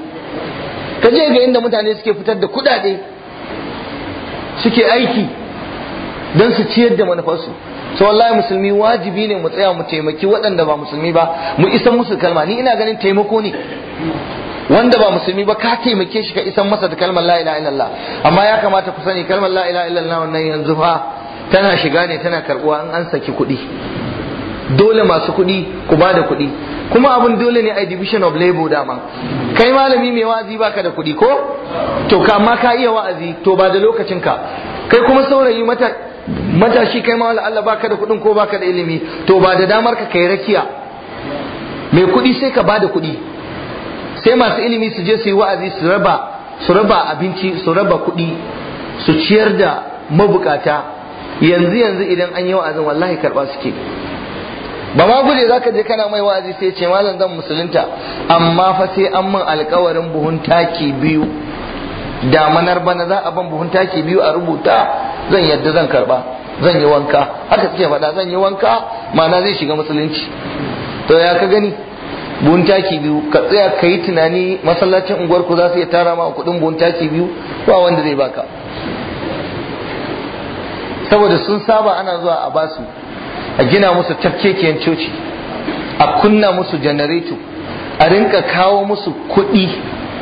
Speaker 1: ka je ga inda mutane suke fitar da kudade suke aiki don su ciyar da manufarsu to wallahi musulmi wajibi ne mu tsaya mu taimaki waɗanda ba musulmi ba mu isan musu kalma ni ina ganin taimako ne wanda ba musulmi ba ka taimake shi ka isan masa da kalmar la ilaha illallah amma ya kamata ku sani kalmar la ilaha illallah wannan yanzu fa tana shiga ne tana karbuwa in an saki kuɗi dole masu kuɗi ku ba da kuɗi kuma abin dole ne a division of labor dama kai malami mai wa'azi baka da kuɗi ko to ka ka iya wa'azi to ba da lokacin ka kai kuma saurayi mata matashi kai ma Allah baka da kuɗin ko baka da ilimi to ba da damar ka kai rakiya mai kuɗi sai ka bada kuɗi sai masu ilimi su je su yi wa'azi su raba su raba abinci su raba kuɗi su ciyar da mabukata yanzu yanzu idan an yi wa'azin wallahi karba suke ba ma guje za ka je kana mai wa'azi sai ce malam zan musulunta amma fa sai an min alkawarin buhun taki biyu Da manar bana za a ban buhun taki biyu a rubuta zan yadda zan karba zan yi wanka haka suke faɗa zan yi wanka ma'ana zai shiga musulunci to ya ka gani buhun taki biyu ka tsaya ka yi tunani masallacin unguwar ku za su iya tara ma kuɗin buhun taki biyu ba wanda zai baka saboda sun saba ana zuwa a basu a gina musu tafkekiyan coci a kunna musu janareto a rinka kawo musu kuɗi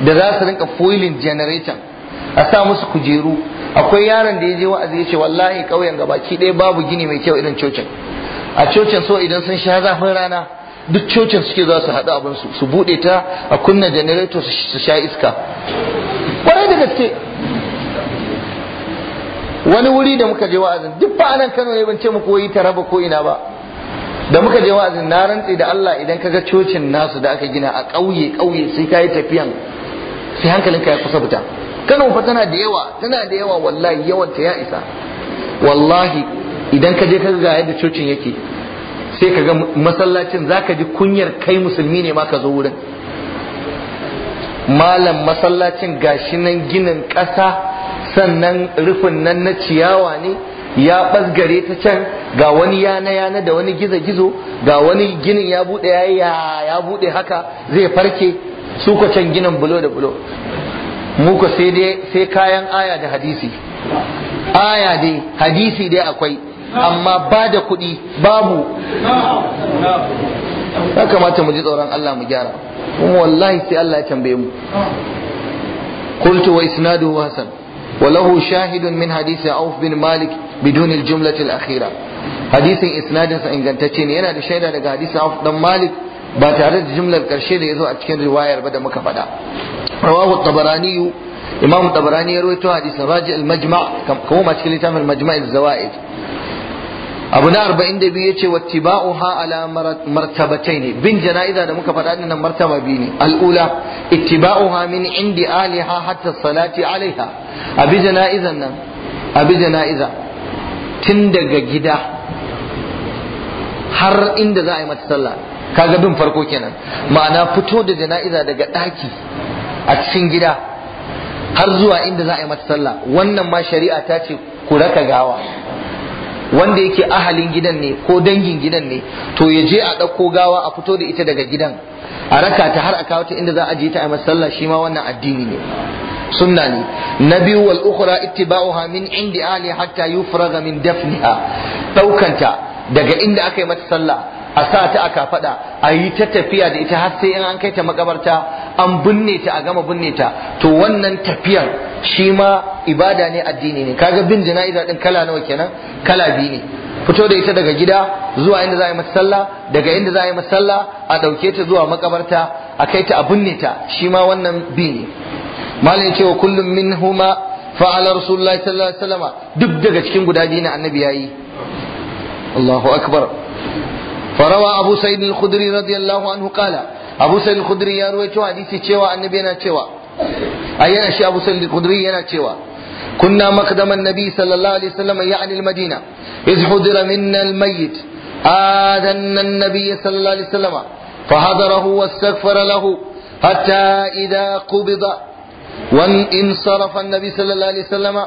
Speaker 1: da za su rinka foilin generator a sa musu kujeru akwai yaron da ya je wa'azi ya ce wallahi ƙauyen baki ɗaya babu gini mai kyau irin cocin a cocin so idan sun sha zafin rana duk cocin suke za su haɗu abin su su buɗe ta a kunna generator su sha iska
Speaker 2: kwarai da gaske
Speaker 1: wani wuri da muka je wa'azin duk ba anan Kano ne ban ce muku yi taraba ko ina ba da muka je wa'azin na rantsi da Allah idan kaga cocin nasu da aka gina a ƙauye ƙauye sai kai tafiyan sai hankalinka ya kusa fita Kano fa tana da yawa tana da yawa wallahi yawan ta ya isa wallahi idan ka je ka ga yadda cocin yake sai ka ga masallacin zaka ji kunyar kai musulmi ne ma ka zo wurin malam masallacin gashi nan ginin ƙasa sannan rufin nan na ciyawa ne ya ɓasgare ta can ga wani yana yana da wani gizo gizo ga wani ginin ya buɗe ya ya buɗe haka zai farke su ko can ginin bulo da bulo mu ko sai dai sai kayan aya da hadisi aya dai hadisi dai akwai amma ba da kuɗi babu ya kamata mu ji tsoron Allah mu gyara kuma wallahi sai Allah ya tambaye mu قلت وإسناده حسن وله شاهد من حديث عوف بن مالك بدون الجملة الأخيرة حديث إسناد إن كانت yana da shaida هذا حديث عوف بن مالك ba tare da jimlar karshe da ya zo a cikin riwayar ba da muka faɗa rawahu tabarani imam tabarani ya rawaito hadisi raji al-majma kuma ma cikin littafin al-majma al-zawaid abu na 42 yace wattiba'u ha ala ne. bin jana'iza da muka faɗa dinnan martaba biyu ne al-ula ittiba'uha min indi aliha hatta salati alaiha abi jana'izan nan abi jana'iza tun daga gida har inda za a yi mata sallah kaga bin farko kenan ma'ana fito da jana'iza daga ɗaki a cikin gida har zuwa inda za a yi mata sallah wannan ma shari'a ta ce ku raka gawa wanda yake ahalin gidan ne ko dangin gidan ne to ya je a ɗauko gawa a fito da ita daga gidan a raka ta har a kawo ta inda za a je ta a mata sallah shi ma wannan addini ne sunna ne na biyu wal ukhra ittiba'uha min indi ahli hatta yufraga min dafniha daukanta daga inda aka yi mata sallah a sa ta a faɗa, a yi ta tafiya da ita har sai in an kai ta makabarta an binne ta a gama binne ta to wannan tafiyar shi ma ibada ne addini ne kaga bin jana'iza din kala nawa kenan kala biyu ne fito da ita daga gida zuwa inda za a yi masalla, daga inda za a yi masalla, a ɗauke ta zuwa makabarta a kai ta a binne ta shi ma wannan bi ne malam cewa kullum minhuma fa'ala rasulullahi sallallahu alaihi wasallam duk daga cikin guda biyu ne annabi yayi
Speaker 2: Allahu akbar
Speaker 1: فروى أبو سعيد الخدري رضي الله عنه قال أبو سعيد الخدري يروي تو حديثي cewa annabi yana cewa
Speaker 2: ai yana shi Abu
Speaker 1: Sa'id al-Khudri yana cewa kunna maqdam an-nabi sallallahu alaihi wasallam ya'ni al-Madina iz hudira النبي صلى الله عليه وسلم فحضره واستغفر له حتى إذا قبض وانصرف النبي صلى الله عليه وسلم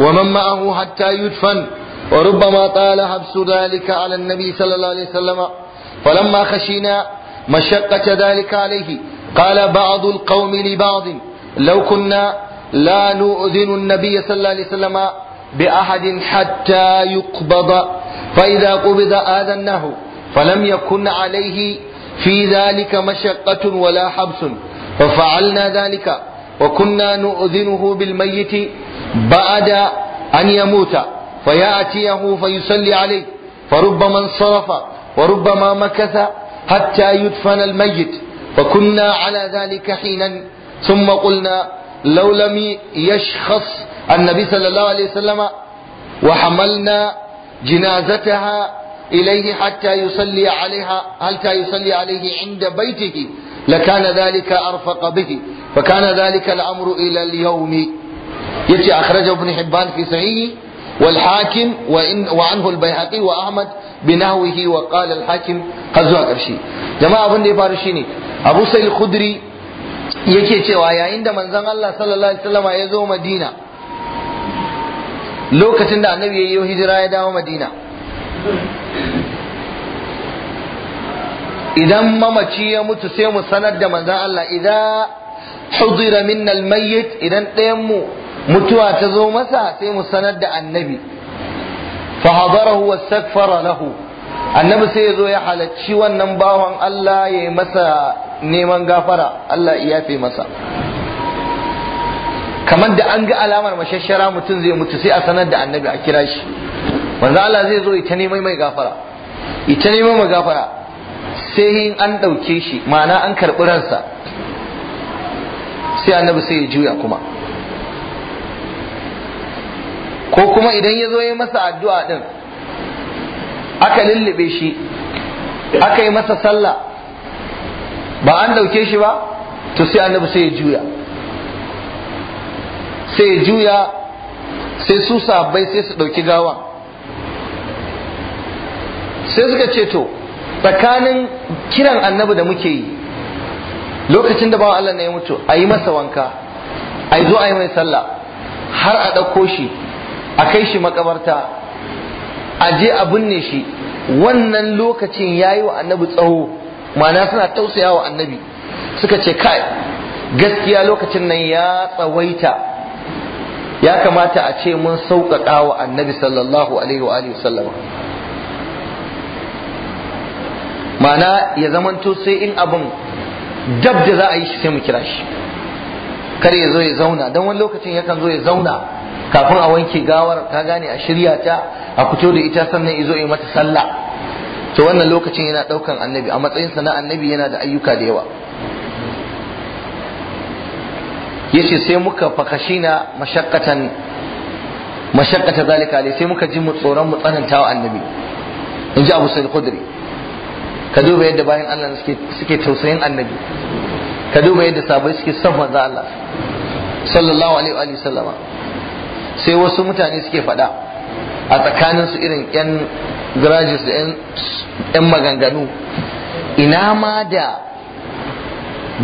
Speaker 1: ومن معه حتى يدفن وربما طال حبس ذلك على النبي صلى الله عليه وسلم فلما خشينا
Speaker 2: مشقة
Speaker 1: ذلك عليه قال بعض القوم لبعض لو كنا لا نؤذن النبي صلى الله عليه وسلم بأحد حتى يقبض فإذا قبض آذناه فلم يكن عليه في ذلك مشقة ولا حبس ففعلنا ذلك وكنا نؤذنه بالميت بعد أن يموت فيأتيه فيصلي عليه فربما انصرف وربما مكث حتى يدفن الميت فكنا على ذلك حينا ثم قلنا لو لم يشخص النبي صلى الله عليه وسلم وحملنا جنازتها إليه حتى يصلي عليها حتى يصلي عليه عند بيته لكان ذلك أرفق به فكان ذلك الأمر إلى اليوم يتي أخرجه ابن حبان في صحيحه والحاكم wa وعنه البيهقي وأحمد بنحوه وقال الحاكم har zuwa ƙarshe jama'a abin ya faru shine Abu Sa'id Khudri yake cewa yayin da manzon Allah sallallahu alaihi wasallam ya zo Madina lokacin da annabi ya yi hijira ya dawo Madina idan mamaci ya mutu sai mu sanar da manzon Allah idan hudira minnal mayyit idan ɗayan mu mutuwa ta zo masa sai mu sanar da annabi fa hadarahu wastaghfara lahu annabi sai ya zo ya halacci wannan bawan Allah ya yi masa neman gafara Allah ya yafe masa kamar da an ga alamar mashashara mutum zai mutu sai a sanar da annabi a kira shi wanda Allah zai zo ita neman mai gafara ita neman mai gafara sai in an ɗauke shi ma'ana an karɓi ransa sai annabi sai ya juya kuma ko kuma idan ya zo ya masa addu'a din aka lullube shi aka yi masa sallah ba an ɗauke shi ba to sai annabi sai ya juya sai ya juya sai su sahabbai sai su ɗauki gawa sai suka ce to tsakanin kiran annabi da muke yi lokacin da bawa Allah na ya mutu a yi masa wanka a yi zo a yi mai sallah har a ɗauko shi a kai shi makabarta a je a binne shi wannan lokacin ya yi wa annabi tsawo ma'ana suna tausaya wa annabi suka ce kai gaskiya lokacin nan ya tsawaita ya kamata a ce mun sauƙaƙa wa annabi sallallahu alaihi wa sallama ma'ana ya zamanto sai in abin dab da za a yi shi sai mu kira shi kar ya zo ya zauna don wani lokacin yakan zo ya zauna kafin a wanke gawar ka gane a shirya ta a fito da ita sannan izo yi mata sallah to wannan lokacin yana daukan annabi a matsayin sa na annabi yana da ayyuka da yawa yace sai muka fakashina mashaqqatan mashaqqata zalika alai sai muka ji mu tsoron mu tsananta wa annabi in ji abu sai khudri ka duba yadda bayan Allah suke suke tausayin annabi ka duba yadda sabai suke son manzo Allah sallallahu alaihi wa sallama sai wasu mutane suke faɗa a tsakanin su irin yan graduates da yan maganganu ina ma da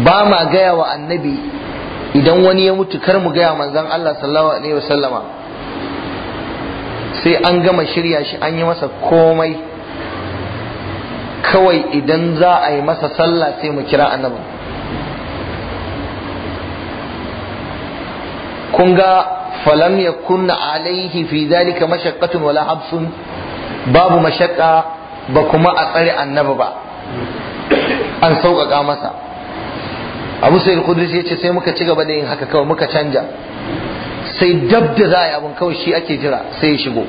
Speaker 1: ba ma gaya wa annabi idan wani ya mutu kar mu gaya manzan Allah ne wa Sallama. sai an gama shirya shi an yi masa komai kawai idan za a yi masa sallah sai mu kira annabi kun ga falam ya kunna alaihi fi zalika mashaqqatun wala habsun babu mashaqqa ba kuma a tsare annabi ba an sauƙaƙa masa abu sai kudus ya ce sai muka ci gaba da yin haka kawai muka canja sai dab da za a yi abun kawai shi ake jira sai ya shigo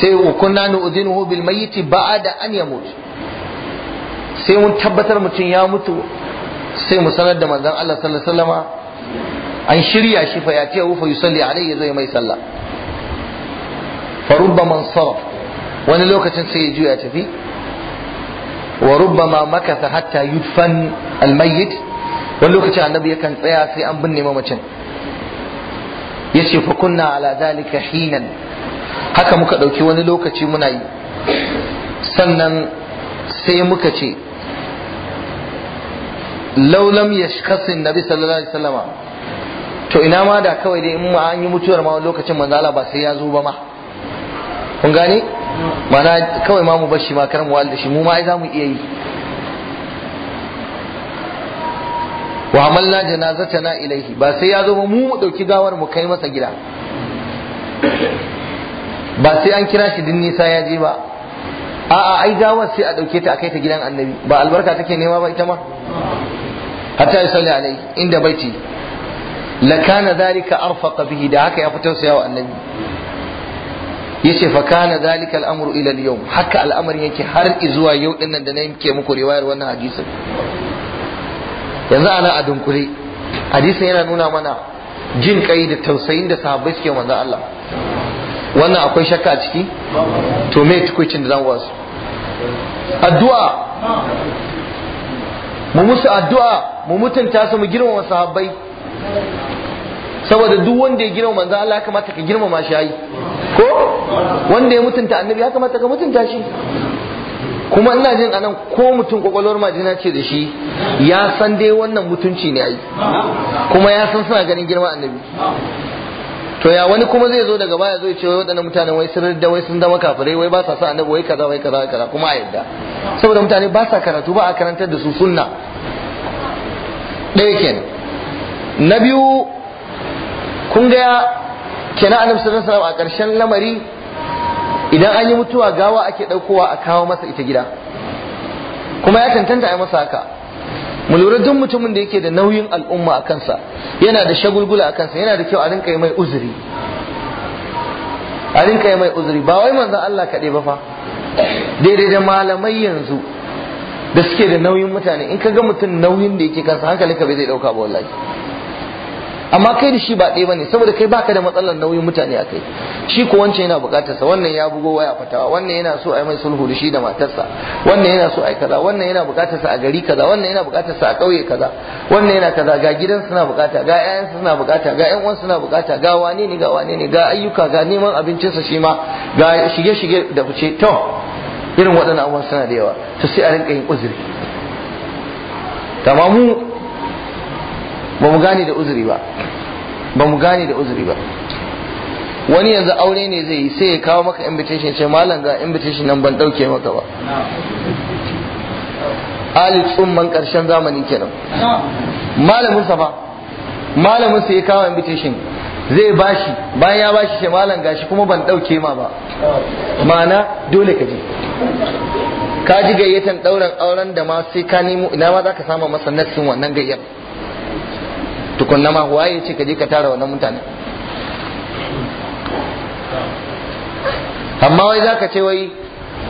Speaker 1: sai wa kunna nu'dhinuhu bil mayyit ba'da an yamut sai mun tabbatar mutum ya mutu sai mu sanar da manzon Allah sallallahu alaihi an shirya shi fa ya ce fa yusalli alaihi zai mai sallah fa rubba man sarf wani lokacin sai ya juya tafi wa rubbama makatha hatta yudfan almayyit wani lokacin annabi yakan tsaya sai an binne mamacin yace fa kunna ala zalika hinan
Speaker 2: haka muka dauki wani
Speaker 1: lokaci muna yi sannan sai muka ce laulam ya shikasin nabi sallallahu alaihi wasallama to ina ma da kawai dai in an yi mutuwar ma lokacin manzo Allah ba sai ya zo ba ma kun gane mana kawai ma mu bashi ma kar mu da shi mu ma ai za mu iya yi wa amalna janazatana ilaihi ba sai ya zo ba mu mu dauki gawar mu kai masa gida ba sai an kira shi din nisa ya je ba a'a ai gawar sai a dauke ta a kai ta gidan annabi ba albarka take nema ba ita ma hatta ya salli inda baiti la kana dhalika arfaqa bihi da haka ya fi tausayawa annabi yace fa kana dhalika al-amru ila haka al'amarin yake har zuwa yau dinnan da na yake muku riwayar wannan hadisin yanzu ana a dunkule hadisin yana nuna mana jin kai da tausayin da sahabbai suke manzon Allah wannan akwai shakka a ciki to me tukuicin da zamu wasu
Speaker 2: addu'a
Speaker 1: mu musu addu'a mu mutunta su mu girmama sahabbai saboda duk wanda ya girmama manzo Allah ya kamata ka girmama shi ai ko wanda ya mutunta annabi ya kamata ka mutunta shi kuma ina jin anan ko mutum kwakwalwar majina ce da shi ya san dai wannan mutunci ne ai kuma ya san suna ganin girma annabi to ya wani kuma zai zo daga baya zo ya ce wai waɗannan mutanen wai sun da wai sun zama kafirai wai ba sa sa annabi wai kaza wai kaza kaza kuma a yadda saboda mutane ba sa karatu ba a karantar da su sunna ɗaya kenan na biyu kun gaya kenan annabi sallallahu alaihi wasallam a ƙarshen lamari idan an yi mutuwa gawa ake ɗaukowa a kawo masa ita gida kuma ya tantanta a masa haka mu lura duk mutumin da yake da nauyin al'umma a kansa yana da shagulgula a kansa yana da kyau a rinka yi mai uzuri a rinka yi mai uzuri ba wai manzon Allah kaɗai ba fa daidai da malamai yanzu da suke da nauyin mutane in ka ga mutum nauyin da yake kansa hankali ka bai zai dauka ba wallahi amma kai da shi ba ɗaya bane saboda kai baka da matsalar nauyin mutane akai shi ko wance yana buƙatar sa wannan ya bugo waya fatawa wannan yana so a yi mai sulhu da shi da matarsa wannan yana so a yi kaza wannan yana buƙatar sa a gari kaza wannan yana buƙatar sa a ƙauye kaza wannan yana kaza ga gidan suna buƙata ga ƴaƴan suna buƙata ga ƴan uwan suna buƙata ga wane ne ga wane ne ga ayyuka ga neman abincinsa shi ma ga shige-shige da fice to irin waɗannan abubuwan suna da yawa to sai a rinka yin uzuri tamamu ba mu gane da uzuri ba ba mu gane da uzuri ba wani yanzu aure ne zai yi sai ya kawo maka invitation ce malam ga invitation nan ban ɗauke maka ba ali tsumman karshen zamani kenan Malam Musa fa malamin Musa ya kawo invitation zai bashi bayan ya bashi shi malam gashi kuma ban ɗauke ma ba ma'ana dole ka je ka ji gayyatan dauran auren da ma sai ka nemo ina ma za ka samu masa nassin wannan gayyar na ma waye ce ka je ka tara wannan mutane amma wai za ka ce wai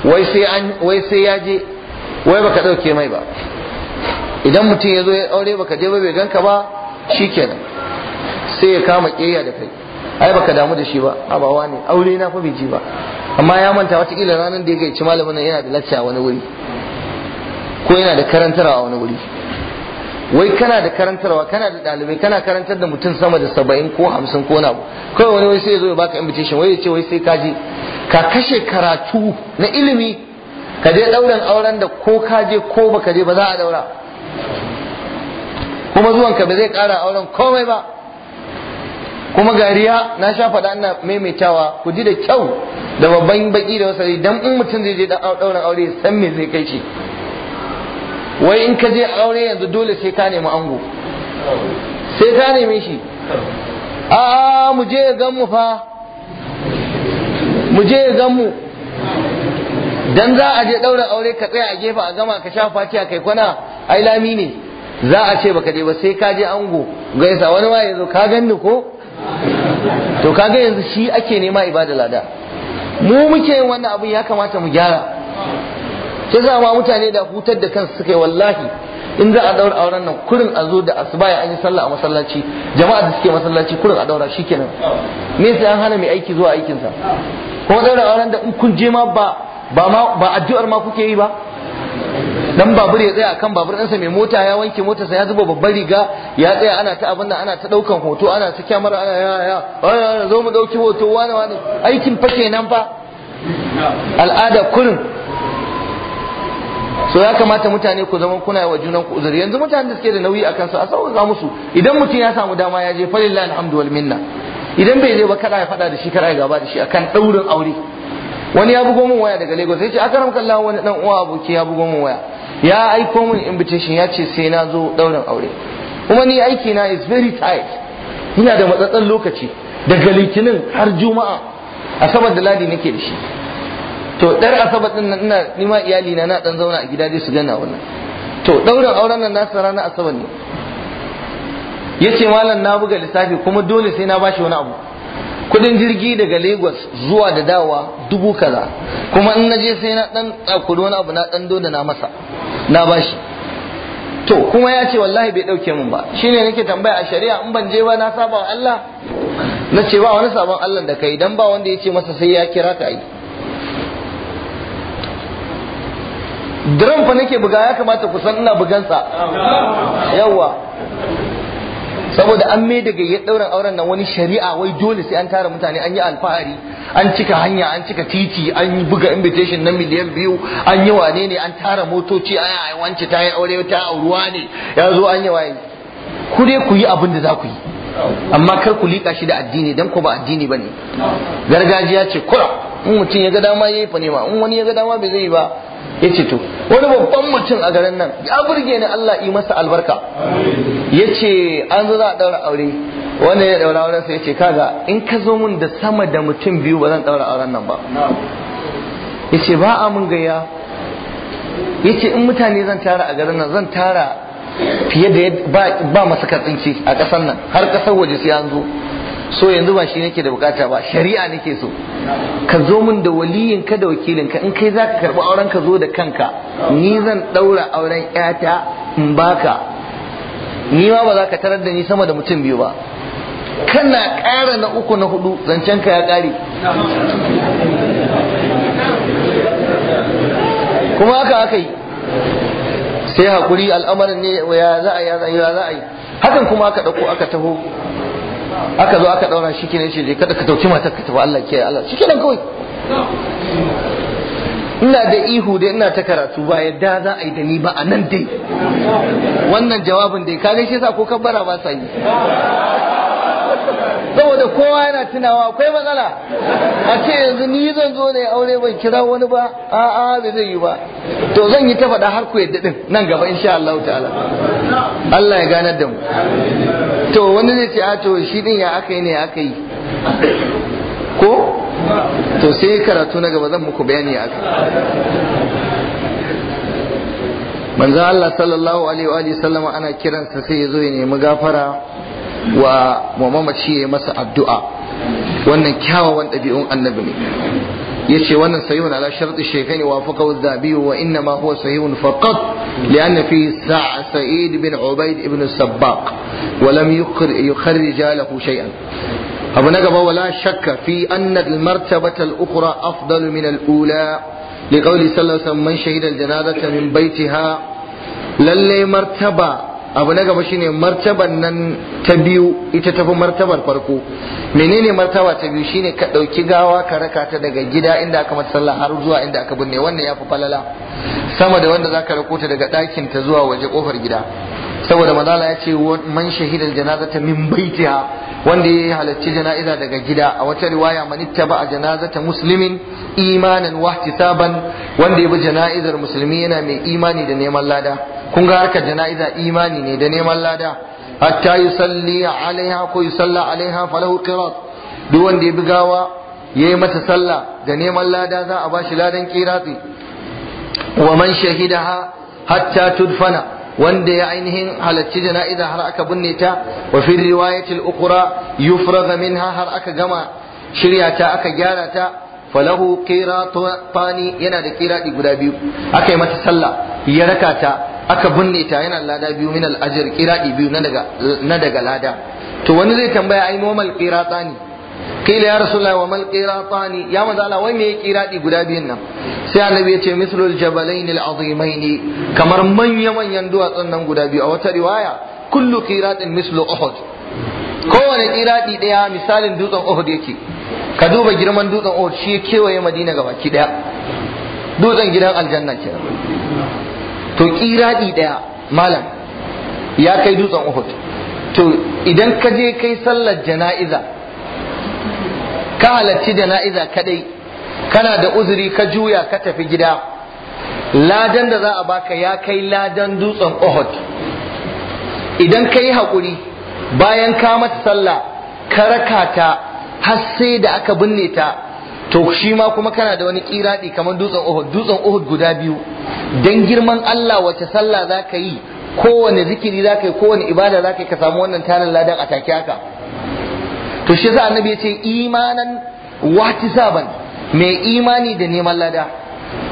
Speaker 1: wai sai an wai sai ya je wai baka ɗauke mai ba idan mutum ya zo ya aure baka je ba bai ganka ba shikenan sai ya kama ƙeya da kai ai baka damu da shi ba a ba ne aure na fa bai ji ba amma ya manta watakila ranar da ya gaici malamin nan yana da lacca wani wuri ko yana da karantarwa wani wuri wai kana da karantarwa kana da ɗalibai kana karantar da mutum sama da saba'in ko hamsin ko na kawai wani wai sai ya zo ya baka invitation wai ya ce wai sai ka je ka kashe karatu na ilimi ka je ɗauran auren da ko ka je ko baka je ba za a daura kuma zuwanka ba zai ƙara auren komai ba kuma gariya na sha faɗa ana maimaitawa ku ji da kyau da babban baki da wasari dan in mutum zai je ɗaurin aure san me zai kai shi wai in ka je aure yanzu dole sai ka nemi ango sai ka nemi shi a mu je ya gan mu fa mu je ya gan mu dan za a je ɗaurin aure ka tsaya a gefe a gama ka sha fatiya kai kwana ai lami ne za a ce baka je ba sai ka je ango gaisa wani ma yanzu ka ganni ko to kaga yanzu shi ake nema ibada lada mu muke yin wannan abin ya kamata mu gyara sai za ma mutane da hutar da kansu suka yi wallahi in za a daura auren nan kurin a zo da asuba ya an yi sallah a masallaci jama'a da suke masallaci kurin a daura shikenan me sai an hana mai aiki zuwa aikinsa ko daura auren da in kun je ma ba ba addu'ar ma kuke yi ba dan babur ya tsaya akan babur ɗansa mai mota ya wanke motarsa ya zuba babbar riga ya tsaya ana ta abin nan ana ta ɗaukan hoto ana ta kyamara ana ya ya zo mu ɗauki hoto wani wani aikin fa kenan fa al'ada kullum so ya kamata mutane ku zama kuna wa junan ku uzuri yanzu mutanen da suke da nauyi akan su a sauƙaƙa musu idan mutum ya samu dama ya je falillahi alhamdu minna idan bai je ba kada ya fada da shi kada ya gaba da shi akan daurin aure wani ya bugo min waya daga Lagos sai ce akaram kallahu wani dan uwa aboki ya bugo min waya ya aiko min invitation ya ce sai na zo daurin aure kuma ni aiki na is very tight ina da matsatsan lokaci daga litinin har juma'a asabar da ladi nake da shi to dar asabar din nan ina nima iyali na na dan zauna a gida dai su gana wannan to daurin auren nan nasa rana asabar ne yace malam na buga lissafi kuma dole sai na bashi wani abu kudin jirgi daga lagos zuwa da dawa dubu kaza kuma in na je sai na dan tsakuri wani abu na dan dole na masa na bashi to kuma ya ce wallahi bai dauke min ba shine nake tambaya a shari'a in ban je ba na saba wa Allah na ce ba wani sabon Allah da kai dan ba wanda ya ce masa sai ya kira ka ai dran fa nake buga ya kamata ku san ina bugansa yawa saboda an mai daga ya ɗaurin auren nan wani shari'a wai dole sai an tara mutane an yi alfahari an cika hanya an cika titi an buga invitation na miliyan biyu an yi wane ne an tara motoci a yi wance ta yi aure ta auruwa ne ya zo an yi waye ku dai ku yi abin da za ku yi amma kar ku liƙa shi da addini don ko ba addini ba ne gargajiya ce kura in mutum ya ga dama yi fa ma in wani ya ga dama bai zai ba ya ce to wani babban mutum a garin nan ya burge ni Allah yi masa albarka ya ce an zo za a ɗaura aure wanda ya ɗaura aure sai ce kaga in ka zo mun da sama da mutum biyu ba zan ɗaura auren nan ba ya ce ba a mun gaya ya ce in mutane zan tara a garin nan zan tara fiye da ba masa katsinci a ƙasar nan har ƙasar waje sai an zo so yanzu ba shi nake da bukata ba shari'a nake so ka zo min da waliyin ka da wakilin ka in kai za ka karɓi auren ka zo da kanka ni zan ɗaura auren 'yata in baka ni ma ba za ka tarar da ni sama da mutum biyu ba kana ƙara na uku na hudu zancen ka ya ƙare kuma haka aka yi sai hakuri al'amarin ne ya za a ya za a yi hakan kuma aka ɗauko aka taho aka zo aka ɗaura shi kenan shi je kada ka ɗauki matar ka tafi Allah ke Allah shi kenan kawai ina da ihu da ina ta karatu ba yadda za a yi da ni ba a nan dai wannan jawabin dai ka gaishe sa ko kabbara ba sa yi saboda kowa yana tunawa akwai matsala a ce yanzu ni zan zo ne aure ban kira wani ba a a da zai yi ba to zan yi ta faɗa har ku yadda din nan gaba insha Allah ta'ala Allah ya ganar da mu to wani zai ce a to shi din ya aka yi ne aka yi ko to sai karatu na gaba zan muku bayani a manzo Allah sallallahu alaihi wa sallama ana sa sai ya zo ya nemi gafara wa shi ya masa addu'a wannan kyawawan ɗabi'un annabi ne yace wannan sahihun ala sharti shaykhain wa faqa dhabi wa inna ma huwa sahihun faqat lianna fi sa'a sa'id bin ubayd ibn sabbaq wa lam yukhrij lahu shay'an abu na gaba wala shakka fi anna martabatal martabata al-ukhra afdalu min al-ula li qawli sallallahu alaihi man shahida al-janazata min baitiha lalle martaba abu na gaba shine martaban nan ta biyu ita tafi martabar farko menene martaba ta biyu shine ka dauki gawa ka raka ta daga gida inda aka mata sallah har zuwa inda aka binne wannan yafi falala sama da wanda zaka rako ta daga ɗakin ta zuwa waje kofar gida saboda manzala ya ce man shahidal janazata min baitiha wanda ya halarci jana'iza daga gida a wata riwaya manitta ba a janazata muslimin imanan wahtisaban wanda ya bi jana'izar musulmi yana mai imani da neman lada kun ga harkar jana'iza imani ne da neman lada hatta yusalli alaiha ko yusalla alaiha falahu qirat duk wanda ya bi gawa yayi mata sallah da neman lada za a bashi ladan kiratsi wa man shahidaha hatta tudfana wanda ya ainihin halarci jana'iza har aka binne ta wa fi riwayatil ukhra yufraga minha har aka gama shirya ta aka gyara ta falahu qiratani yana da qiradi guda biyu aka yi mata sallah ya raka ta aka binne ta yana lada biyu min al ajr qiradi biyu na daga na daga lada to wani zai tambaya ai normal qiratani qila ya rasu rasulullahi wa mal qiratani ya manzo Allah wai me qiradi guda biyun nan sai annabi ya ce mislul jabalain al-azimain kamar manya manyan duwatsun nan guda biyu a wata riwaya kullu qiratin mislu uhud kowane qiradi ɗaya misalin dutsen uhud yake ka duba girman dutsen uhud shi kewaye madina gabaki ɗaya dutsen gidan aljanna kenan to qiradi ɗaya malam ya kai dutsen uhud to idan ka je kai sallar jana'iza ka halarci jana'iza kadai kana da uzuri ka juya ka tafi gida ladan da za a baka ya kai ladan dutsen Ohod. idan ka yi haƙuri bayan ka mata sallah ka raka ta har sai da aka binne ta to shi ma kuma kana da wani kiradi kamar dutsen Ohod, dutsen Ohod guda biyu dan girman Allah wace sallah za ka yi kowane zikiri za ka yi kowane ibada za ka yi ka samu wannan tanin ladan a take haka to shi yasa annabi ya ce imanan wati wahtisaban mai imani da neman lada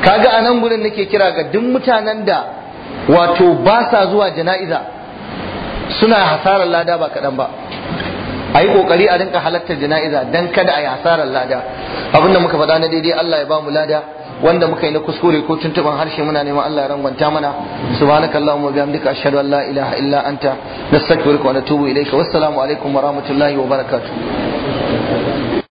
Speaker 1: kaga a nan gudun nake kira ga duk mutanen da wato ba sa zuwa jana'iza suna hasarar lada ba kaɗan ba a yi ƙoƙari a rinka halartar jana'iza don kada a yi hasarar lada abinda muka faɗa na daidai Allah ya ba mu lada wanda muka yi na kuskure ko tuntuban harshe muna neman Allah ya rangwanta mana subhanaka allahumma wa bihamdika ashhadu an la ilaha illa anta nastaghfiruka wa natubu ilayka wassalamu alaikum wa rahmatullahi wa barakatuh